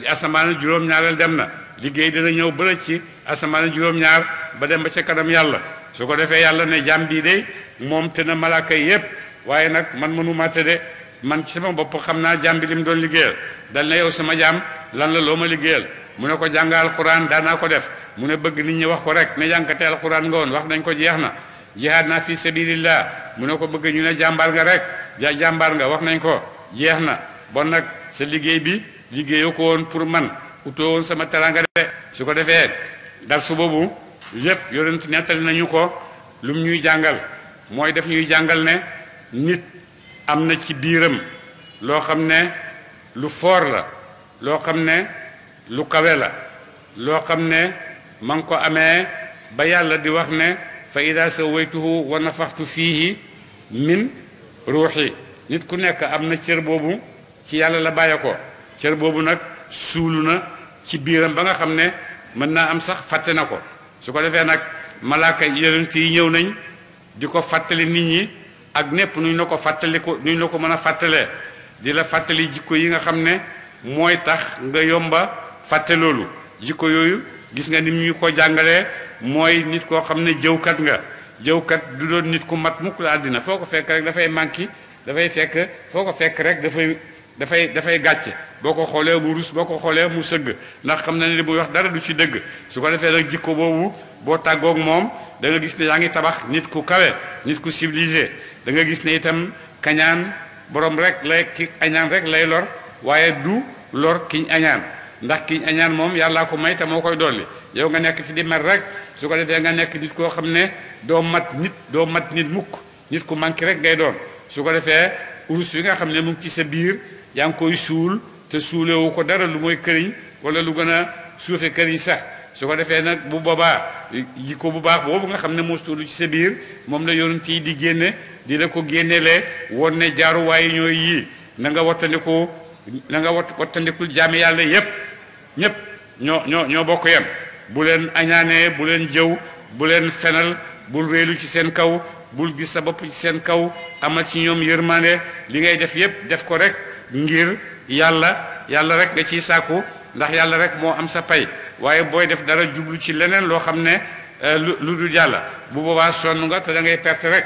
asamaan juróom-ñaareel dem na liggéey dina ñëw bërëj ci asamaan juróom-ñaar ba dem ba ca kanam yàlla su ko yàlla ne jàmm bii de moom te na malaaka yépp waaye nag man mënuma de man ci sama bopp xam naa jaam bi doon liggéeyal dal na yow sama jaam lan la loo ma liggéeyal mu ne ko jàngal alxuraan daan naa ko def mu ne bëgg nit ñi wax ko rek ne jànkate alxuraan nga woon wax nañ ko jeex na jihaad naa fii sabilillah mu ne ko bëgg ñu ne jàmbaar nga rek jàmbaar nga wax nañ ko jeex na bon nag sa liggéey bi liggéeyoo ko woon pour man utoo woon sama teranga de su ko defee dar su boobu lépp yonent nettali nañu ko lum ñuy jàngal mooy def ñuy jàngal ne nit am na ci biiram loo xam ne lu foor la loo xam ne lu kawe la loo xam ne ma ngi ko amee ba yàlla di wax ne fa ida sawaytuhu wa nafaxtu fiihi min ruuxi nit ku nekk am na cër boobu ci yàlla la bàyye ko cër boobu nag suulu na ci biiram ba nga xam ne mën naa am sax fàtte na ko su ko defee nag malaaka yonent yi ñëw nañ di ko fàttali nit ñi ak népp nuñ la ko fàttali ko nuñ la ko mën a fàttalee di la fàttali jikko yi nga xam ne mooy tax nga yomba fàtte loolu jikko yooyu gis nga ni ñu ko jàngalee mooy nit koo xam ne jëwkat nga jëwkat du doon nit ku mat mukk la àddina foo ko fekk rek dafay manqué dafay fekk foo ko fekk rek dafay dafay dafay gàcce boo ko xoolee mu rus boo ko xoolee mu sëgg ndax xam na ne li muy wax dara du ci dëgg su ko defee nag jikko boobu boo tàggoog moom da gis ne yaa ngi tabax nit ku kawe nit ku civilisé da nga gis ne itam kañaan borom rek lay kii añaan rek lay lor waaye du lor kiñ añaan ndax kiñ añaan moom yàllaa ko may te moo koy dolli yow nga nekk fi di mer rek su ko defee nga nekk nit koo xam ne doo mat nit doo mat nit mukk nit ku manqué rek ngay doon su ko defee urus yi nga xam ne mu ngi ci sa biir yaa ngi koy suul te suulewu ko dara lu mooy këriñ wala lu gën a suufe këriñ sax su ko defee nag bu boobaa ko bu baax boobu nga xam ne moo suulu ci sa biir moom la yonent yi di génne di la ko génnelee woon ne jaaruwaay yi ñooy yii na nga wattandiku na nga wat wattandikul jaami yàlla yépp ñépp ñoo ñoo ñoo bokk yem bu leen añaanee bu leen jëw bu leen fenal bul réelu ci seen kaw bul gis sa bopp ci seen kaw amal ci ñoom yërmande li ngay def yépp def ko rek ngir yàlla yàlla rek nga ciy sàkku ndax yàlla rek moo am sa pay waaye booy def dara jublu ci leneen loo xam ne euh, lu du jàll bu boobaa sonn nga te da ngay perte rek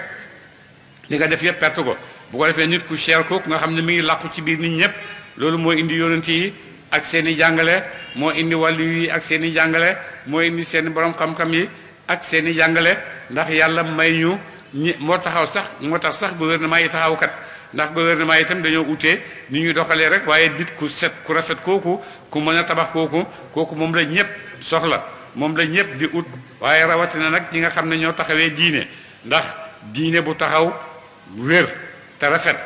li nga def yëpp perte ko bu ko defee nit ku cher ko nga xam ne mi ngi làqu ci biir nit ñëpp loolu moo indi yonent yi ak seen i jàngale moo indi wàllu yi ak seen i jàngale moo indi seeni borom xam-xam yi ak seeni jàngale ndax yàlla may ñu ñi moo taxaw sax moo tax sax gouvernement yi taxaw kat ndax gouvernement yi itam dañoo utee doxalee rek waaye nit ku set ku rafet kooku ku mën a tabax kooku kooku moom la ñëpp soxla moom la ñëpp di ut waaye rawatina nag ñi nga xam ne ñoo taxawee diine ndax diine bu taxaw wér te rafet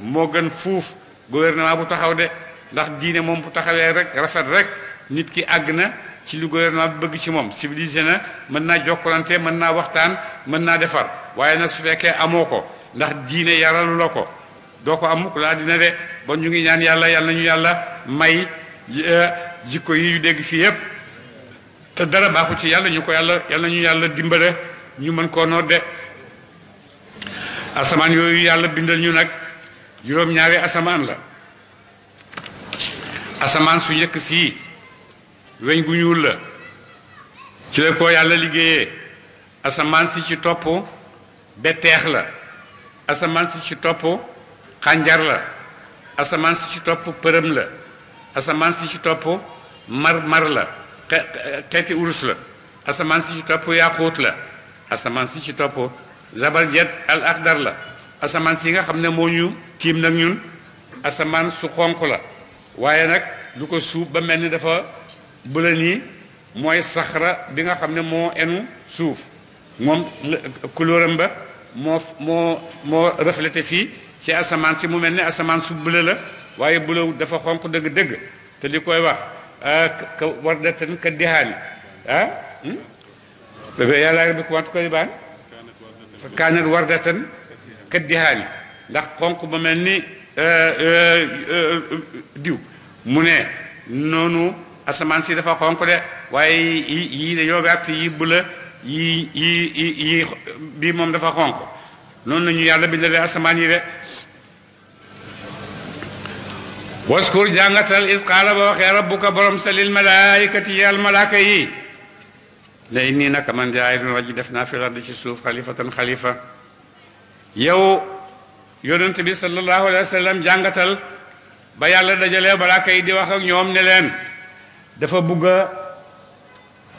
moo gën fuuf gouvernement bu taxaw de ndax diine moom bu taxawee rek rafet rek nit ki àgg na ci lu gouvernement bi bëgg ci moom civilisé na mën naa jokkalante mën naa waxtaan mën naa defar waaye nag su fekkee amoo ko ndax diine yaralu la ko doo ko am laa dina de bon ñu ngi ñaan yàlla yàlla nañu yàlla may Eh, jikko yi ñu dégg fii yépp te dara baaxul ci yàlla ñu ko yàlla yàlla ñu yàlla dimbale ñu mën koo nodde asamaan yooyu yàlla bindal ñu nag juróom-ñaari asamaan la asamaan su njëkk sii weñ gu ñuul la ci la ko yàlla liggéeyee asamaan si ci topp beteex la asamaan si ci topp xànjar la asamaan si ci topp përëm la asamaan si ci topp mar mar la xeeti urus la asamaan si ci topp yaaquut la asamaan si ci topp zabarjet al akhdar la asamaan si nga xam ne moo ñu tiim nag ñun asamaan su xonq la waaye nag lu ko suuf ba mel ni dafa bëla nii mooy saxra bi nga xam ne moo enu suuf moom couleuram ba moo moo moo fii ci asamaan si mu mel ni asamaan su bëla la waaye bulo dafa xonq deug deug te li koy wax ka tan ka dihal ha ah yàlla rabbi ko wat ko libaan fa kaanat tan ka dihal ndax xonq ba mel ni diw mune nonu noonu si dafa xonq de waye yi ne yo gàtt yi bula yi yi yi bi mom dafa xonq non lañu yàlla bindale asamaan yi de واسكور جانت الاس قال بوخي ربك برم سل يا الملائكي لإني نك من جاير دفنا في غد شسوف خليفة خليفة يو يونت بي صلى الله عليه وسلم جانت ال بيا الله دجالة بلاكي دي وخي نيوم نلين دفا بوغا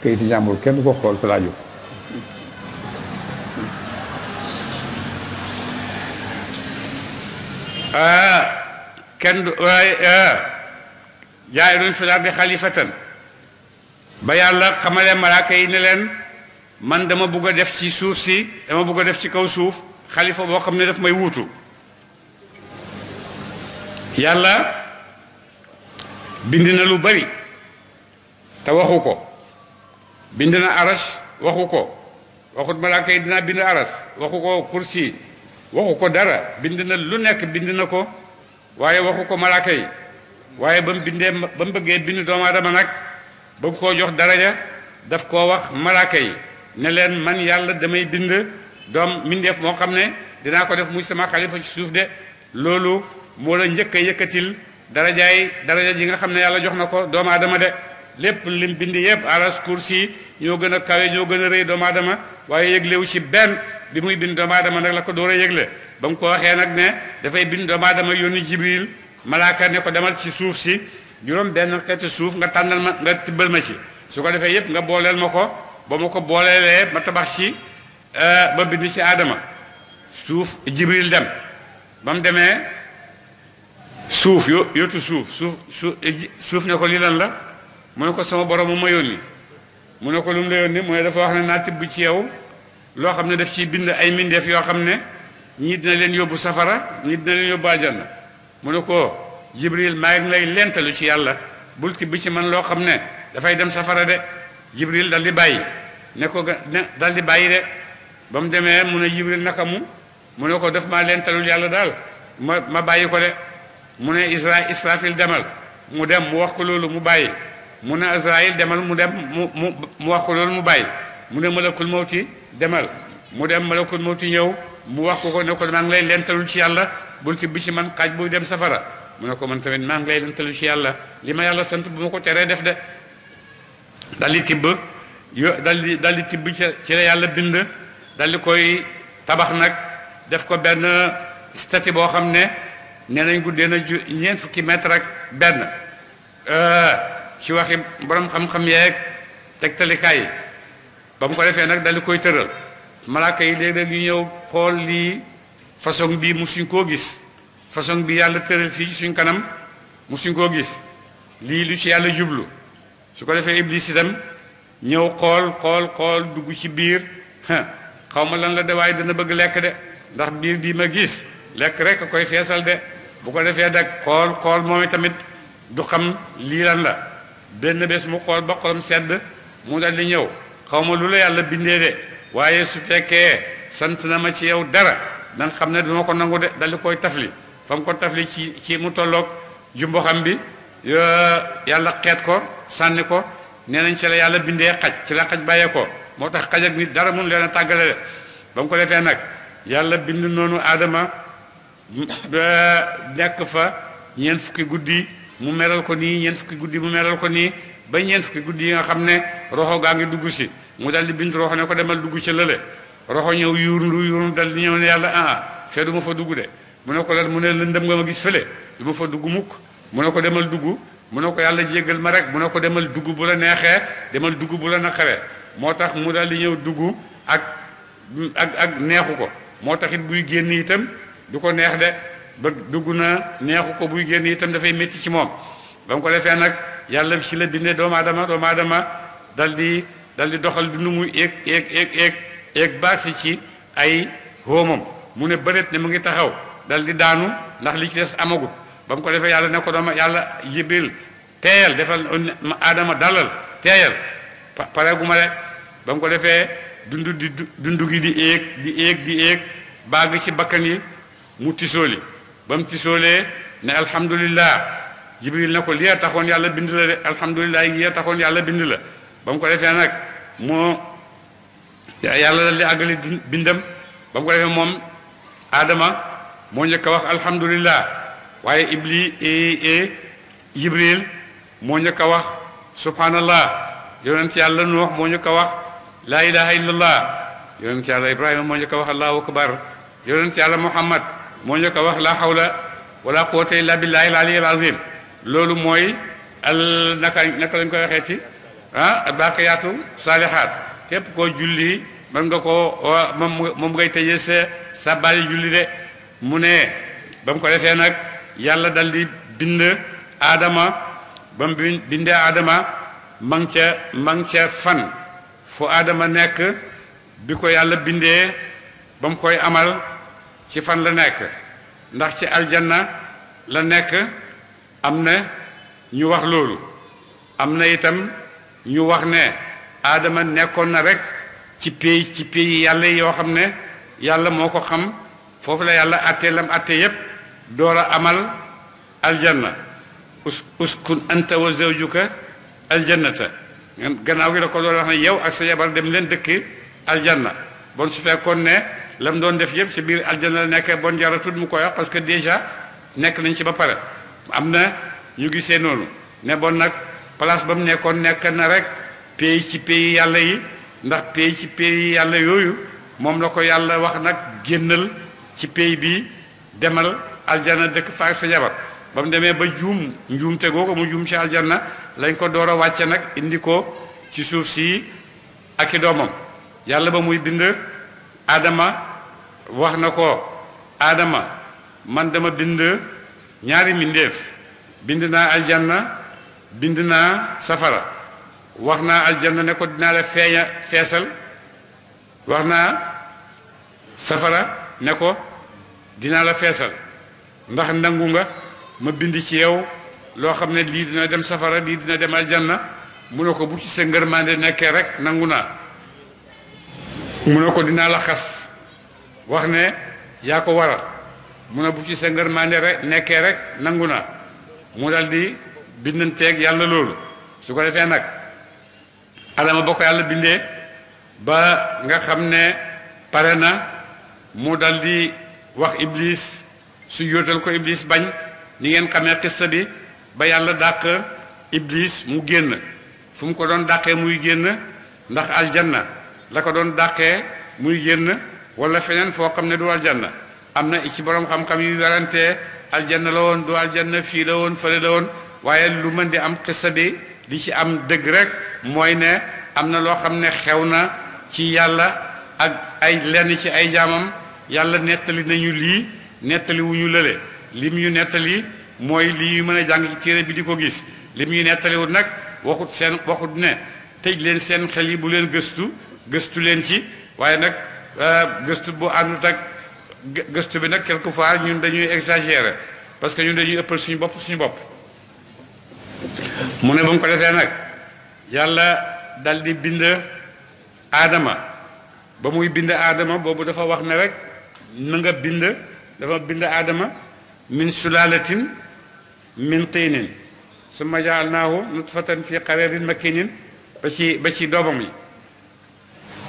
كي تجامل كم كو خول فلاجو آه كان جايرون آه، آه. في الأرض خليفة بيا الله قمر مراكي نلن من دم بوغا ديف سي سوف سي دم بوغا ديف سي كو سوف خليفة بو خمني داف ماي ووتو يا الله بيندنا لو بري تا واخوكو بيندنا عرش واخوكو واخوت ملائكه دينا بيند كرسي واخوكو دارا بيندنا لو نيك waaye waxu ko malaaka yi waaye ba mu bindee ba mu bëggee bind doomu aadama nag bëgg koo jox daraja daf koo wax malaaka yi ne leen man yàlla damay bind doom mindeef moo xam ne dinaa ko def muy sama xalifa ci suuf de loolu moo la njëkk a yëkkatil darajaay daraja ji nga xam ne yàlla jox na ko doomu adama de lépp lim bind yëpp aras kursi ñoo gën a kawe ñoo gën a rëy doomu aadama waaye yëglewu ci benn bi muy bind doomu aadama nag la ko door a yëgle ba mu ko waxee nag ne dafay bind doomu aadama yónni jibril malaaka ne ko demal ci suuf si juróom benn xeeti suuf nga tànnal ma nga tibbal ma ci su ko defee yépp nga booleel ma ko ba ma ko booleelee ma tabax ci euh, ba bind ci aadama suuf jibril dem ba mu demee suuf yo yotu suuf suuf eh, suuf ne ko lii lan la mu ne ko sama borom mu ma yónni mu ne ko lu mu la yónni mu ne dafa wax ne naa tibb ci yow loo xam ne daf ciy bind ay mbindeef yoo xam ne ñii dina leen yóbbu safara ñii dina leen yóbbu àjjana mu ne ko jibril maa ngi lay lentalu ci yàlla bul tibb ci man loo xam ne dafay dem safara de jibril dal di bàyyi ne ko dal di bàyyi de ba mu demee mu ne jibril naka mu mu ne ko daf maa lentalul yàlla daal ma ma bàyyi ko de mu ne isra israfil demal mu dem mu wax ko loolu mu bàyyi mu ne azrail demal mu dem mu mu mu wax loolu mu bàyyi mu ne malakul mawti demal mu dem malakul mawti ñëw mu wax ko ko ne ko maa ngi lay lentalul ci yàlla bul tibb ci man xaaj buy dem safara mu ne ko man tamit maa ngi lay lentalul ci yàlla li ma yàlla sant bu ma ko teree def de dal di tibb yo dal di dal tibb ci la yàlla bind dal koy tabax nag def ko benn statue boo xam ne nee nañ guddee na ju ñeent fukki mètre ak benn euh, ci waxi borom xam-xam yeeg tegtalikaay ba mu ko defee nag dal koy tëral malaaka yi léeg-léeg ñu ñëw xool lii façon bii musuñ koo gis façon bi yàlla tëral fii suñ kanam musuñ koo gis lii lu ci yàlla jublu su ko defee iblis itam ñëw xool xool xool dugg ci biir xaw ma lan la de waaye dana bëgg lekk de ndax biir bii ma gis lekk rek a koy feesal de bu ko defee dag xool xool moom tamit du xam lii lan la benn bés mu xool ba xolam sedd mu dal di ñëw xaw ma lu la yàlla bindee de waaye su fekkee sant na ma ci yow dara danga xam ne duma ko nangu de dal di koy tafli fa mu ko tafli ci ci mu tolloog jumbo xam bi yàlla xeet ko sànni ko nee nañ ci la yàlla bindee xaj ci la xaj bàyyee ko moo tax xaj bi dara mun leen a tàggale de ba ko defee nag yàlla bind noonu aadama nekk fa ñeent fukki guddi mu meral ko nii ñeent fukki guddi mu meral ko nii ba ñeent fukki guddi yi nga xam ne roxo gaa ngi dugg si mu dal di bind roxo ne ko demal dugg ca lële roxo ñëw yuurndu yuurndu dal di ñëw ne yàlla ah fee du ma fa dugg de mu ne ko lan mu ne lëndëm nga ma gis du ma fa dugg mukk mu ne ko demal dugg mu ne ko yàlla jéggal ma rek mu ne ko demal dugg bu la neexee demal dugg bu la naqaree moo tax mu dal di ñëw dugg ak ak ak neexu ko moo tax it buy génn itam du ko neex de ba dugg na neexu ko buy génn itam dafay métti ci moom ba mu ko defee nag yàlla ci la bindee doomu aadama doomu aadama dal di dal di doxal du nu muy eeg eeg eeg eeg eeg ci ay hoomam mu ne bëreet ne mu ngi taxaw dal di daanu ndax li ci des amagut ba mu ko defee yàlla ne ko dama yàlla jibril teeyal defal aadama dalal teeyal pareeguma rek ba mu ko defee dundu di dundu gi di éeg di éeg di éeg bàgg ci bakkan yi mu tisooli ba mu tisoolee ne alhamdulillah jibril na ko li a taxoon yàlla bind la de alhamdulillah yi a taxoon yàlla bind la بامكو ديفي ناك مو يالا دال لي اغالي بندم بامكو ديفي موم ادم مو نيكا واخ الحمد لله واي ابلي اي اي جبريل مو نيكا واخ سبحان الله يونت يالا نوح مو نيكا واخ لا اله الا الله يونت يالا ابراهيم مو نيكا واخ الله اكبر يونت يالا محمد مو نيكا واخ لا حول ولا قوه الا بالله العلي العظيم لولو موي ال نكا نكا لنجو واخيتي ah baaqiyaatu saalihaat képp ko julli man nga ko moom ngay tëjee sa sa bàyyi julli de mu ne ba mu ko defee nag yàlla dal di bind aadama ba mu bindee aadama ma ca ma ca fan fu aadama nekk bi ko yàlla bindee ba mu koy amal ci fan la nekk ndax ci aljanna la nekk am na ñu wax loolu am na itam ñu wax ne aadama nekkoon na rek ci pays ci pays yàlla yoo xam ne yàlla moo ko xam foofu la yàlla attee lam atte yépp door a amal aljanna us uskun anta wa zawjuka aljannata gannaaw gi la ko doon wax ne yow ak sa jabar dem leen dëkki aljanna bon su fekkoon ne lam doon def yépp ci biir aljanna la nekkee bon jaratul mu koy wax parce que déjà nekk nañ ci ba pare am na ñu gisee noonu ne bon nag place ba mu nekkoon nekk na rek pays ci pays yàlla yi ndax pays ci pays yàlla yooyu moom la ko yàlla wax nag génnal ci pays bi demal aljana dëkk fa ak sa jabar ba mu demee ba juum njuumte goo ko mu juum ci aljanna lañ ko door a wàcce nag indi ko ci suuf si ak i doomam yàlla ba muy bind aadama wax na ko aadama man dama bind ñaari mbindeef bind naa aljanna bind naa safara wax naa aljanna ne ko dinaa la feeña feesal wax naa safara ne ko dinaa la feesal ndax nangu nga ma bind ci yow loo xam ne lii dina dem safara lii dina dem aljanna mu ne ko bu sa ngërmande nekkee rek nangu naa mu ne ko dinaa la xas wax ne yaa ko waral mu ne bu ci sa ngërmande rek nekkee rek nangu naa mu daldi bindanteeg yàlla loolu su ko defee nag adama ba ko yàlla bindee ba nga xam ne pare na mu dal di wax iblis su yóotal ko iblis bañ ñi ngeen xamee xista bi ba yàlla dàq iblis mu génn fu mu ko doon dàqee muy génn ndax aljanna la ko doon dàqee muy génn walla feneen foo xam ne du aljanna am na it ci boroom xam-xam yu werantee aljanna la woon du aljanna fii la woon fële la woon waaye lu mën di am xissa bi li ci am dëgg rek mooy ne am na loo xam ne xew na ci yàlla ak ay lenn ci ay jaamam yàlla nettali nañu lii nettali wu ñu lële lim yu nettali mooy lii mën a jàng ci téere bi di ko gis lim yu nettaliwut nag waxut seen waxut ne tëj leen seen xel yi bu leen gëstu gëstu leen ci waaye nag euh, gëstu bu àndut ak gëstu bi nag fois ñun dañuy exagérer parce que ñun dañuy ëppal suñu bopp suñu bopp mune bam ko defé nak yàlla daldi bind adama bamuy bind adama bobu dafa wax ne rek na nga bind dafa bind adama min sulalatin min tinin summa ja'alnahu nutfatan fi qararin makinin ba ci ba ci dobam yi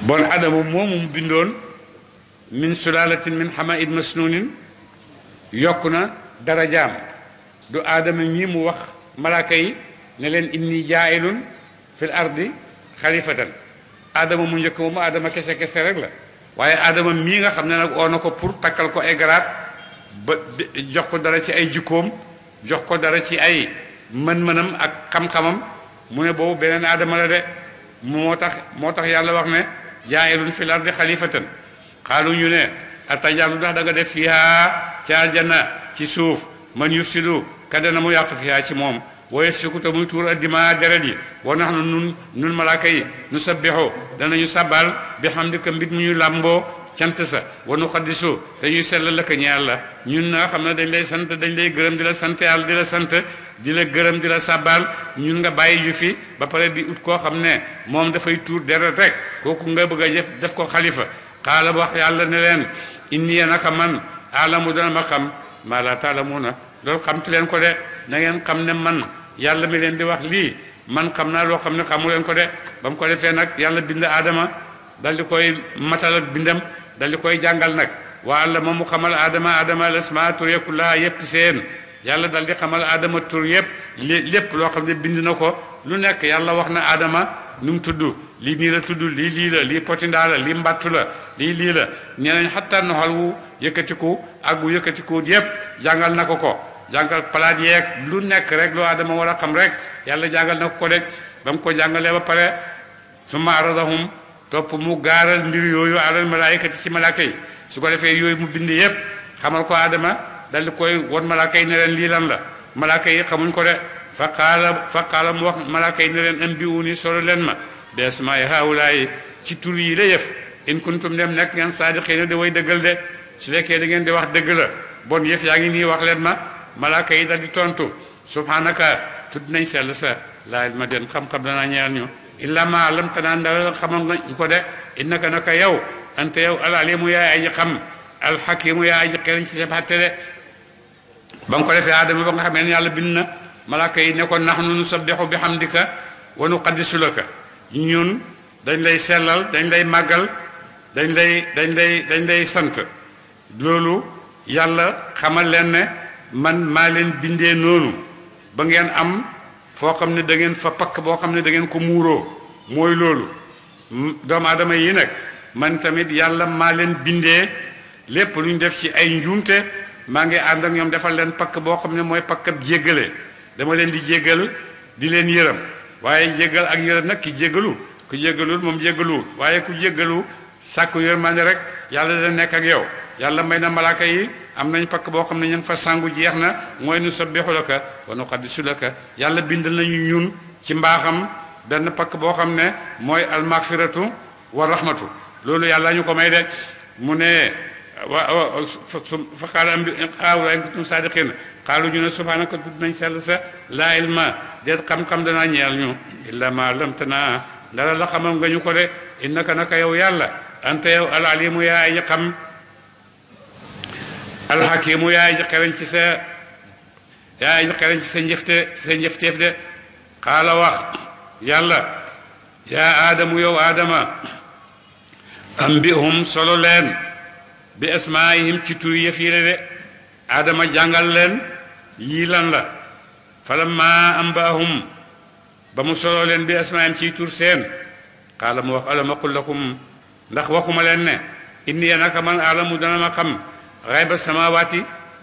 bon adama moomu mu bindoon min sulalatin min hamaid masnunin yokuna darajam du aadama ñi mu wax malaaka yi ne leen inni jaailun fil ardi xalifatan aadama mu njëkk moomu aadama kese kese rek la waaye aadama mii nga xam ne nag oo na ko pour takkal ko ay garaat ba jox ko dara ci ay jikkoom jox ko dara ci ay mën-mënam ak xam-xamam mu ne boobu beneen aadama la de moo tax moo tax yàlla wax ne jaailun fil ardi xalifatan xaalu ñu ne atajaalu ndax da nga def fiha ci aljanna ci suuf man yufsidu ka dana mu yàq fiyaa ci moom woye sukuta muy tuur addima deret yi wa nax nu nun nun malaaka yi nu sabbixu danañu sabal bi xam di ka mbit mu ñu làmboo cant sa wa nu xaddisu dañuy sell la ka ñeel la ñun nga xam ne dañ lay sant dañ lay gërëm di la sant yàlla di la sant di la gërëm di la sabal ñun nga bàyyi ju fi ba pare di ut koo xam ne moom dafay tuur deret rek kooku nga bëgg a def def ko xalifa xaala wax yàlla ne leen inni naka man alamu dana ma xam maa laa taalamuuna loolu xam ti leen ko de nangeen xam ne man yàlla mi leen di wax lii man xam naa loo xam ne xamu leen ko de ba mu ko defee nag yàlla bind aadama dal di koy matal ak bindam dal di koy jàngal nag waa la moom mu xamal aadama aadama la sama tur yeeku laa yëpp seen yàlla dal di xamal aadama tur yëpp lépp loo xam ne bind na ko lu nekk yàlla wax na aadama nu mu tudd lii nii la tudd lii lii la lii potindaa la lii mbattu la lii lii la ñeneen xattaa noxal wu yëkkatiku ak bu yëkkati kuut yépp jàngal na ko ko jàngal palaat yeeg lu nekk rek lu aadama war a xam rek yàlla jàngal na ko ko de ba mu ko jàngalee ba pare summa aradahum topp mu gaaral mbir yooyu alal malaayikati ci malaaka su ko defee yooyu mu bind yépp xamal ko aadama dal di koy won malaaka yi ne leen lii lan la malaaka yi xamuñ ko de fa qaala fa mu wax malaaka yi ne leen ambiuni solo leen ma bi asmaai haulaay ci tur yi la yëf in kuntum dem nekk ngeen saadiqiina da way su fekkee da ngeen di wax dëgg la bon yëf yaa ngi nii wax leen ma malaaka yi dal di tontu subhanaka tudd nañ sell sa laa ilma den xam-xam danaa ñeel ñu illa ma lamtanaa ndala xamal nga ñu ko de innaka naka yow anta yow al alimu yaay aji xam al hakimu yaay aji xereñ ci sa xatte de ba nga ko defee aadama ba nga xamee ne yàlla bind na malaaka yi ne ko nahnu nusabbihu bi hamdika wa nuqaddisu laka ñun dañ lay sellal dañ lay màggal dañ lay dañ lay dañ lay sant loolu yàlla xamal leen ne man maa leen bindee noonu ba ngeen am foo xam ne dangeen fa pakk boo xam ne dangeen ko muuroo mooy loolu doomu aadama yi nag man tamit yàlla maa leen bindee lépp lu ñu def ci ay njuumte maa ngi ànd ak ñoom defal leen pakk boo xam ne mooy pakk ab jéggale dama leen di jéggal di leen yërëm waaye jéggal ak yërëm nag ki jéggalu ku jéggalul moom jéggaluwut waaye ku jéggalu sàkku yërmande rek yàlla dana nekk ak yow yàlla may na malaaka yi am nañ pakk boo xam ne ñu ngi fa sangu jeex na mooy nu sabbihu laka wa nuqaddisu sulaka yàlla bindal nañu ñun ci mbaaxam benn pakk boo xam ne mooy almaghfiratu wa rahmatu loolu yàlla ñu ko may de mu ne wa fa qaala am bi xaawla in kuntum saadiqina xaalu ñu ne subhanaka tudd nañ sell sa laa ilma déet xam-xam danaa ñeel ñu illa ma lamtana ndara la xamam nga ñu ko de innaka naka yow yàlla anta yow alalimu yaa aji xam الحكيم يا جقرن سا يا جقرن سا نجفت سا نجفت قال وقت يلا يا آدم يا آدم أنبئهم صلولين بأسمائهم تتوي يفير آدم جانغال لين ييلان لا فلما أنبأهم بمو صلولين بأسمائهم تتور سين قال موخ ألم أقول لكم لخوكم لين إني أنا كمان أعلم دنما قم ba sama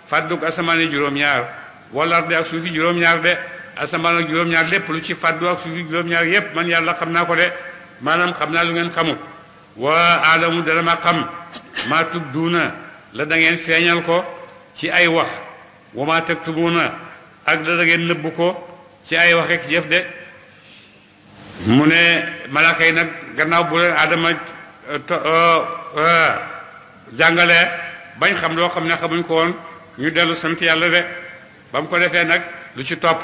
fàdduk asamaan yi juróom-ñaar wala arde ak suufi juróom-ñaar de asamaan juróom-ñaar lépp lu ci fàddu ak suufi juróom-ñaar yépp man yàlla xam naa ko de maanaam xam naa lu ngeen xamut wa aadamu dana ma xam maa tub duuna la dangeen feeñal ko ci ay wax wa maa teg tumuuna ak la da nëbb ko ci ay wax ak de mu ne malaaka yi nag gannaaw bu leen aadama eh, eh, eh, jàngalee bañ xam loo xam ne xamuñ ko woon ñu dellu sant yàlla de ba mu ko defee nag lu ci topp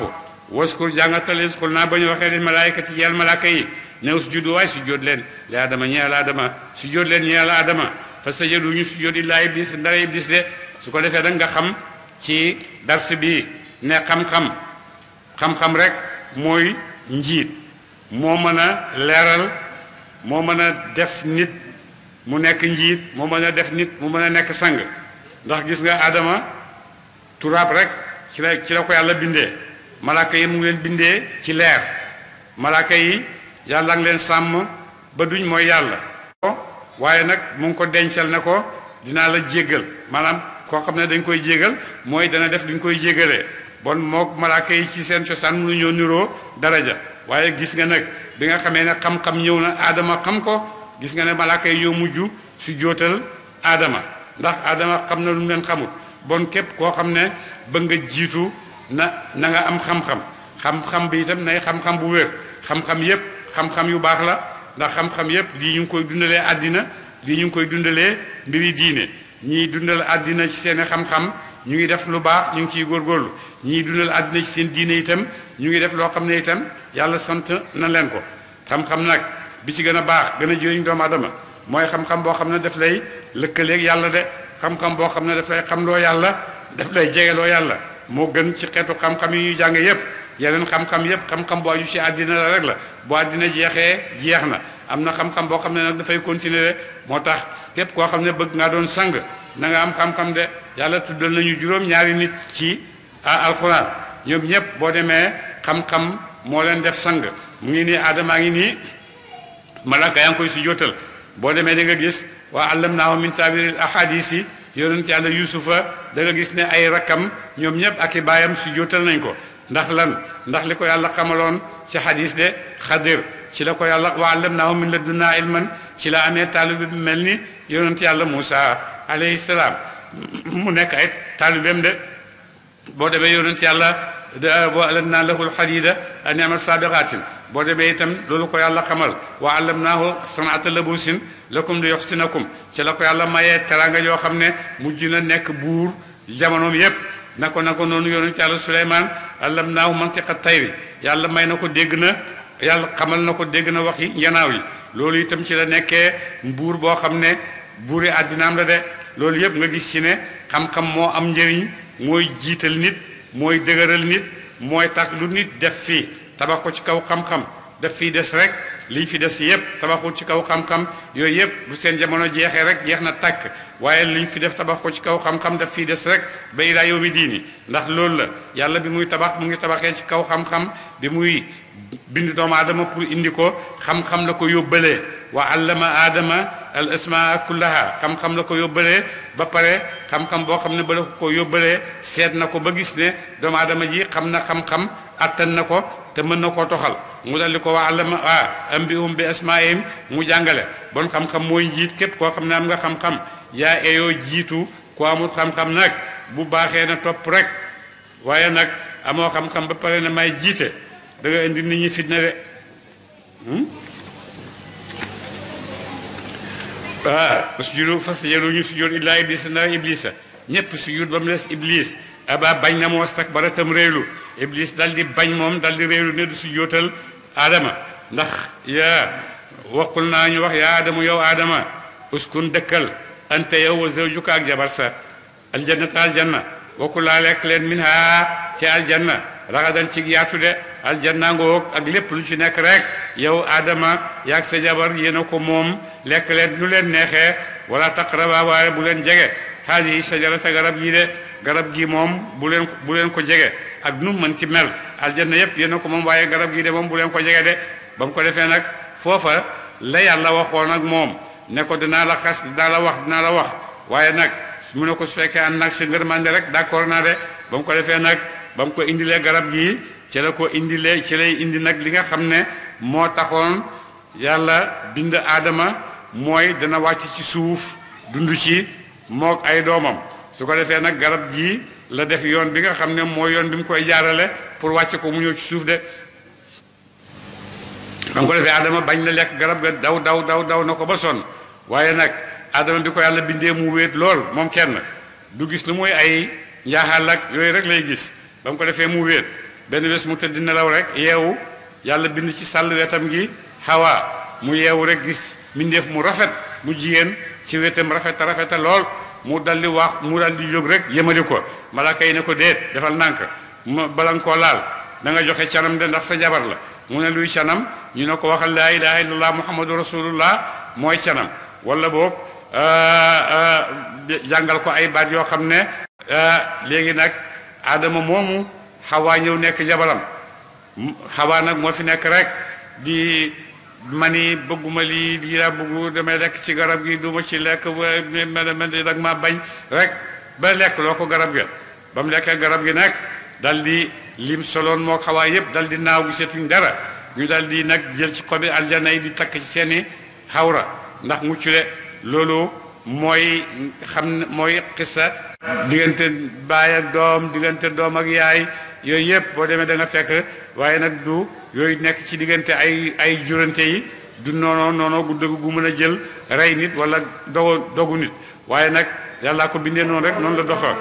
waskul jàngatale iskul naa ba ñu waxee leen malaayikati yeel malaaka yi ne usjudu waay sujjóot leen li aadama ñeel aadama sujjóot leen ñi ñeel aadama fastajadu ñu sujjóot illaa iblis ndara iblis de su ko defee nag nga xam ci dars bi ne xam-xam xam-xam rek mooy njiit moo mën a leeral moo mën a def nit mu nekk njiit mu mën a def nit mu mën a nekk sang ndax gis nga Adama turaab rek ci la ci la ko yàlla bindee malaaka yi mu ngi leen bindee ci leer malaaka yi yàlla ngi leen sàmm ba duñ mooy yàlla waaye nag mu ngi ko dencal na ko dinaa la jéggal maanaam koo xam ne dañ koy jéggal mooy dana def duñ koy jéggalee bon mook malaaka yi ci seen cosaan mu mënu ñoo niroo daraja waaye gis nga nag bi nga xamee ne xam-xam ñëw na Adama xam ko gis nga ne malaaka yi ñoo mujj su jootal aadama ndax aadama xam na lu leen xamul bon képp koo xam ne bëgg nga jiitu na nanga am xam-xam xam-xam bi itam nay xam-xam bu wér xam-xam yépp xam-xam yu baax la ndax xam-xam yépp lii ñu ngi koy dundalee àddina lii ñu ngi koy dundalee mbiri diine ñii dundal àddina ci seeni xam-xam ñu ngi def lu baax ñu ngi ciy góorgóorlu ñii dundal àddina ci seen diine itam ñu ngi def loo xam ne itam yàlla sant na leen ko xam-xam bi ci gën a baax gën a jëriñ doomu aadama mooy xam-xam boo xam ne daf lay lëkkaleeg yàlla de xam-xam boo xam ne daf lay xamloo yàlla daf lay jegeloo yàlla moo gën ci xeetu xam-xam yi ñuy jàng yépp yeneen xam-xam yépp xam-xam àddina rek la bu àddina jeexee jeex na am na xam boo xam ne dafay continuer moo tax képp koo xam ne bëgg ngaa doon sang na nga am xam-xam de yàlla tuddal nañu juróom-ñaari nit ci alxuraan ñoom ñépp boo demee xam-xam moo leen def sang mu ngi nii aadamaa ngi nii malaka yang ngi koy sujjóotal boo demee da nga gis wa allam min taabiril ahadis yi yonent yàlla yusufa da nga gis ne ay rakam ñom ñep ak bayam su jotal nañ ko ndax lan ndax liko yàlla xamalon ci hadith de khadir ci lako yàlla wa allam min ladunnaa ilman ci la amé talib bi mel yonent yàlla musa alayhi salam mu nek ay talibem de bo demé yonent yàlla da wa alannaa lahul hadiida an i'mal saabiqaatin bo debé itam lolu ko yàlla xamal wa alamnahu sanata labusin lakum li yoxsinakum ci lako yàlla maye teranga yo xamne mujjina nek na jamanom yeb nako nako na ko ci yàlla sulayman alamnahu mantiqa tayri yàlla may nako degna yàlla xamal nako degna dégg na waxi njanaaw yi loolu itam ci la nekke buur bo xamne ne buuri àddinaam la de lolu yeb nga gis ci ne xam-xam mo am njëriñ moy jital nit moy degeural nit moy tax lu nit def fi tabax ko ci kaw xam-xam daf fi des rek liñ fi des yépp tabaxu ci kaw xam-xam yooyu yépp bu seen jamono jeexee rek jeex na tàkk waaye liñ fi def tabaxu ci kaw xam-xam daf fi des rek ba ilaa yawmi diini ndax loolu la yàlla bi muy tabax mu ngi tabaxee ci kaw xam-xam bi muy bind doomu aadama pour indi ko xam-xam la ko yóbbalee wa allama aadama al asmaa kullaha xam-xam la ko yóbbalee ba pare xam-xam boo xam ne ba la ko yóbbalee seet na ko ba gis ne doomu aadama ji xam na xam-xam attan na ko te mën na koo toxal mu dal di ko waa allama ah am bi um bi mu jàngale bon xam-xam mooy njiit képp koo xam ne am nga xam-xam yaa eyoo jiitu ku amul xam-xam nag bu baaxee na topp rek waaye nag amoo xam-xam ba pare na may jiite da nga indi nit ñi fitna de hmm? ah sujudu fas yélu ñu sujud illaa iblisa na ñépp sujud ba mu des iblis aba bañ na mu wastakbara tam réylu iblis dal bañ moom dal di réylu ne du su jóotal aadama ndax yaa waqul naa ñu wax yaa aadamu yow aadama uskun dëkkal anta yow wa zawjuka ak jabar sa aljannata aljanna wakku laa lekk leen min ha ci aljanna raxadan ci yaatu de aljanna ngoog ak lépp lu ci nekk rek yow aadama yaag sa jabar yéena ko moom lekk leen nu leen neexee wala taqraba waaye bu leen jege haadihi shajarata garab yi de garab gi moom bu leen bu leen ko jege ak nu mën ci mel aljanna yépp yéen ko moom waaye garab gi de moom bu leen ko jege de ba mu ko defee nag foofa la yàlla waxoon ak moom ne ko dinaa la xas dinaa la wax dinaa la wax waaye nag mu ne ko su fekkee ànd nag sa ngërmande rek d'accord naa de ba mu ko defee nag ba mu ko indilee garab gi ci la ko indilee ci lay indi nag li nga xam ne moo taxoon yàlla bind aadama mooy dana wàcc ci suuf dund ci mook ay doomam su ko defee nag garab gii la def yoon bi nga xam ne mooy yoon bi mu koy jaarale pour wàcce ko mu ñëw suuf de xam ko defee adama bañ la lekk garab ga daw daw daw daw na ko ba sonn waaye nag adama bi ko yàlla bindee mu wéet lool moom kenn du gis lu mooy ay njaaxal ak yooyu rek lay gis ba mu ko defee mu wéet benn bés mu tëdd nelaw rek yeewu yàlla bind ci sàll wetam gi xawaa mu yeewu rek gis mbindeef mu rafet mu jigéen ci wetam rafeta rafeta lool mu daldi di wax mu dal yóg rek yemali ko malaaka yi ne ko déet defal nànk ma balankoo laal da nga joxe canam de ndax sa jabar la mu ne luy canam ñu ne ko waxal laa ilaha illallah muhammadu rasulullah mooy canam wala boog euh, euh, jàngal ko ay baat yoo xam ne euh, léegi nag aadama moomu xawaa ñëw nekk jabaram xawaa nag moo fi nekk rek di ma ni bëgguma lii lii laa bëggu damay lekk ci garab gi du ma ci lekk ma ma dag ma bañ rek ba lekk loo ko garab gi ba mu lekkee garab gi nag dal di lim soloon moo xawaa yëpp dal di naaw gisatuñ dara ñu dal di nag jël ci xobi aljana yi di takk ci seeni xawra ndax mucc de loolu mooy xam mooy xissa diggante baay ak doom diggante doom ak yaay yooyu yëpp boo demee da nga fekk waaye nag du yooyu nekk ci diggante ay ay jurante yi du noono noono gu dëgg gu mën a jël rey nit wala dogo dogu nit waaye nag yàllaa ko bindee noonu rek noonu la doxa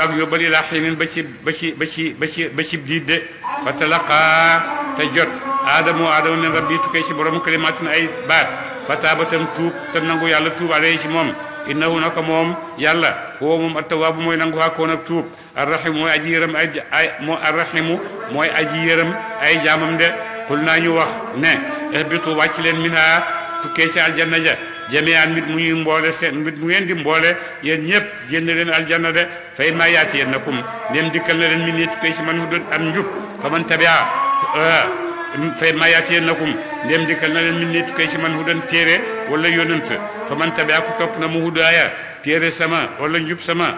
ak yóbbal ilaa xiinin ba ci ba ci ba ci ba ci ba ci diit de fa talaqaa te jot aadamu aadama min ci borom kalimaatin ay baat fa taabatam tuub te nangu yàlla tuub alayhi ci moom innahu naka moom yàlla huwa moom attawaabu mooy nangu hakkoon ak tuub arrahimu mooy aji yërëm ay ay moo arrahimu mooy aji yërëm ay jaamam de xul naa ñu wax ne ihbitu wàcc leen minha tukkee ci aljanna ja jami'an mit mu ñuy mboole seen mit mu ngeen di mboole yéen ñëpp génn leen aljanna de fa in maa yaati yennakum ndem dikkal na leen min ne tukkee ci man hudud am njub fa man tabia uh, fa ma yaatiyeennakum ndem dikkal na leen min nit koy ci man hudan téere wala yonent fa man tabia ku topp na mu hudaaya téere sama wala njub sama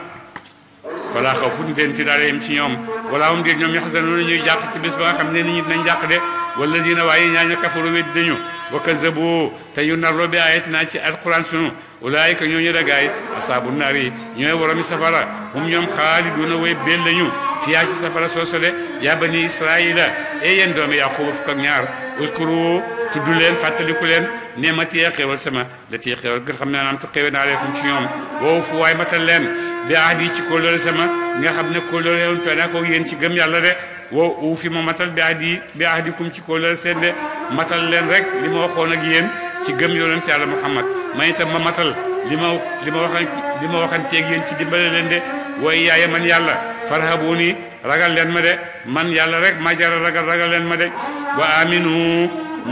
wala xaw fu den ti daal yem ci ñoom wala moom déeg ñoom yaxzanuna ñuy jàq ci bés ba nga xam ne nit ñi nañ jàq de wala zina waaye ñaa ña kafaru weddi nañu wa kazabu te yu narloo bi ayatina ci alquran sunu ulaayika ñooñu la gaay asaabu naari ñooy woromi safara hum ñoom xaaliduuna way bel lañu fiyaa ci safara soosole yaa bani israila e yéen doomi yaquba fukk ak ñaar uskuru tudd leen fàttaliku leen ne ma tiyee xewal sama la tiyee xewal gën xam ne naam tu xewe naa leen ci ñoom woowu fu waay matal leen bi ahdi ci kóllóore sama nga xam ne kóllóore woon tooy naa ko yéen ci gëm yàlla de woowu fi ma matal bi ahdi bi ahdikum ci kóllóore seen de matal leen rek li ma waxoon ak yéen ci gëm yonent yàlla muhammad man itam ma matal li ma li ma waxan li ma waxanteeg yéen ci dimbale leen de waaye yaaye man yàlla farhabuni ragal leen ma de man yàlla rek maa jara ragal ragal leen ma de wa aminu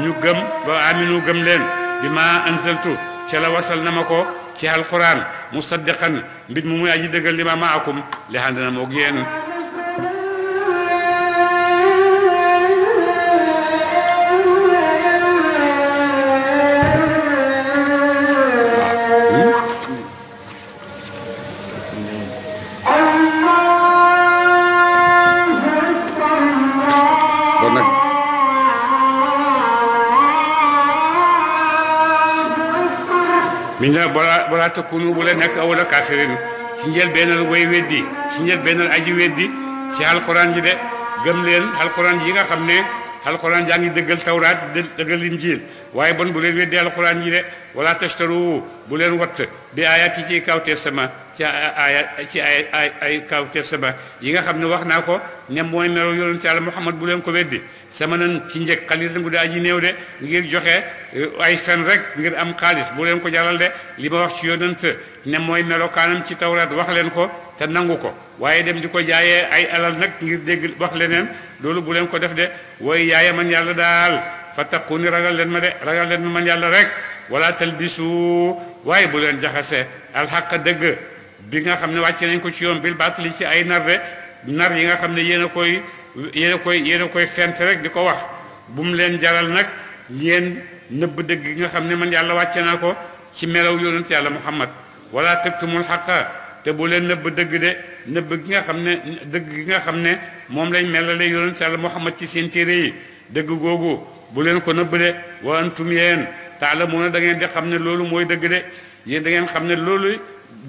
ñu gëm wa aminu gëm leen bi ma anzaltu ca la wasal na ma ko ci alquran musaddiqan mbit mu muy aji dëggal li ma maakum li ànd na moog yéen mi ne balaa balaa takkunu bu la nekk awla kaafirin ci njël bennal way weddi ci njël bennal aji weddi ci alquran ji de gëm leen alquran yi nga xam ne alquran jaa ngi dëggal tawraat dëggal injiil waaye bon bu leen weddi alquran ji de wala tashtaru bu leen watt bi ayaat yi ci kawteef sama ci ay ci ay ay ay kawteef sama yi nga xam ne wax naa ko ñem mooy melo yonente yàlla Muhammad bu leen ko weddi sama nan ci njëkkal yi itam daa ji néew de ngir joxe e, ay fen rek ngir am xaalis bu leen ko jaral de li wax ci yonent ne mooy melokaanam ci tawraat wax leen ko te nangu ko dem di ko jaayee ay alal nag ngir dégg wax leneen loolu bu leen ko def de wooy yaaye man yàlla daal fattaquni ragal leen ma de ragal leen man yàlla rek wala talbisu waaye bu leen jaxase alxaqa dëgg bi nga xam ne wàcce nañ ko ci yoon bil baatali ci ay nar nar yi nga xam ne yéen a koy yéen a koy yéen a koy fent rek di ko wax bu mu leen jaral nag yéen nëbb dëgg gi nga xam ne man yàlla wàcce naa ko ci melaw yonent yàlla muhammad teg tëgtumul xaqa te bu leen nëbb dëgg de nëbb gi nga xam ne dëgg gi nga xam ne moom lañ melale yonent yàlla muhammad ci seen téere yi dëgg googu bu leen ko nëbb de wa yeen yéen taala mu na ngeen di xam ne loolu mooy dëgg de yéen da ngeen xam ne loolu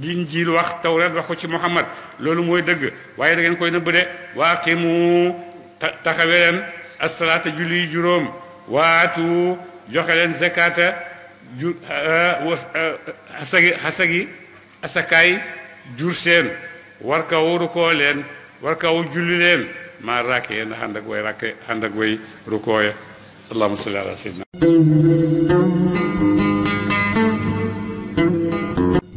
Injiil wax Tawreet wax ko ci Muhammad loolu mooy dëgg waaye da ngeen koy nëbb de waa qimu taxawe asalaata julli juróom waatu joxe leen zakata ju euh, euh, asagi asagi asakaay jur seen war kaw rukoo leen war julli leen maa rakkee ndax ànd way rakke ànd way rukooya allahumma salli ala sayyidina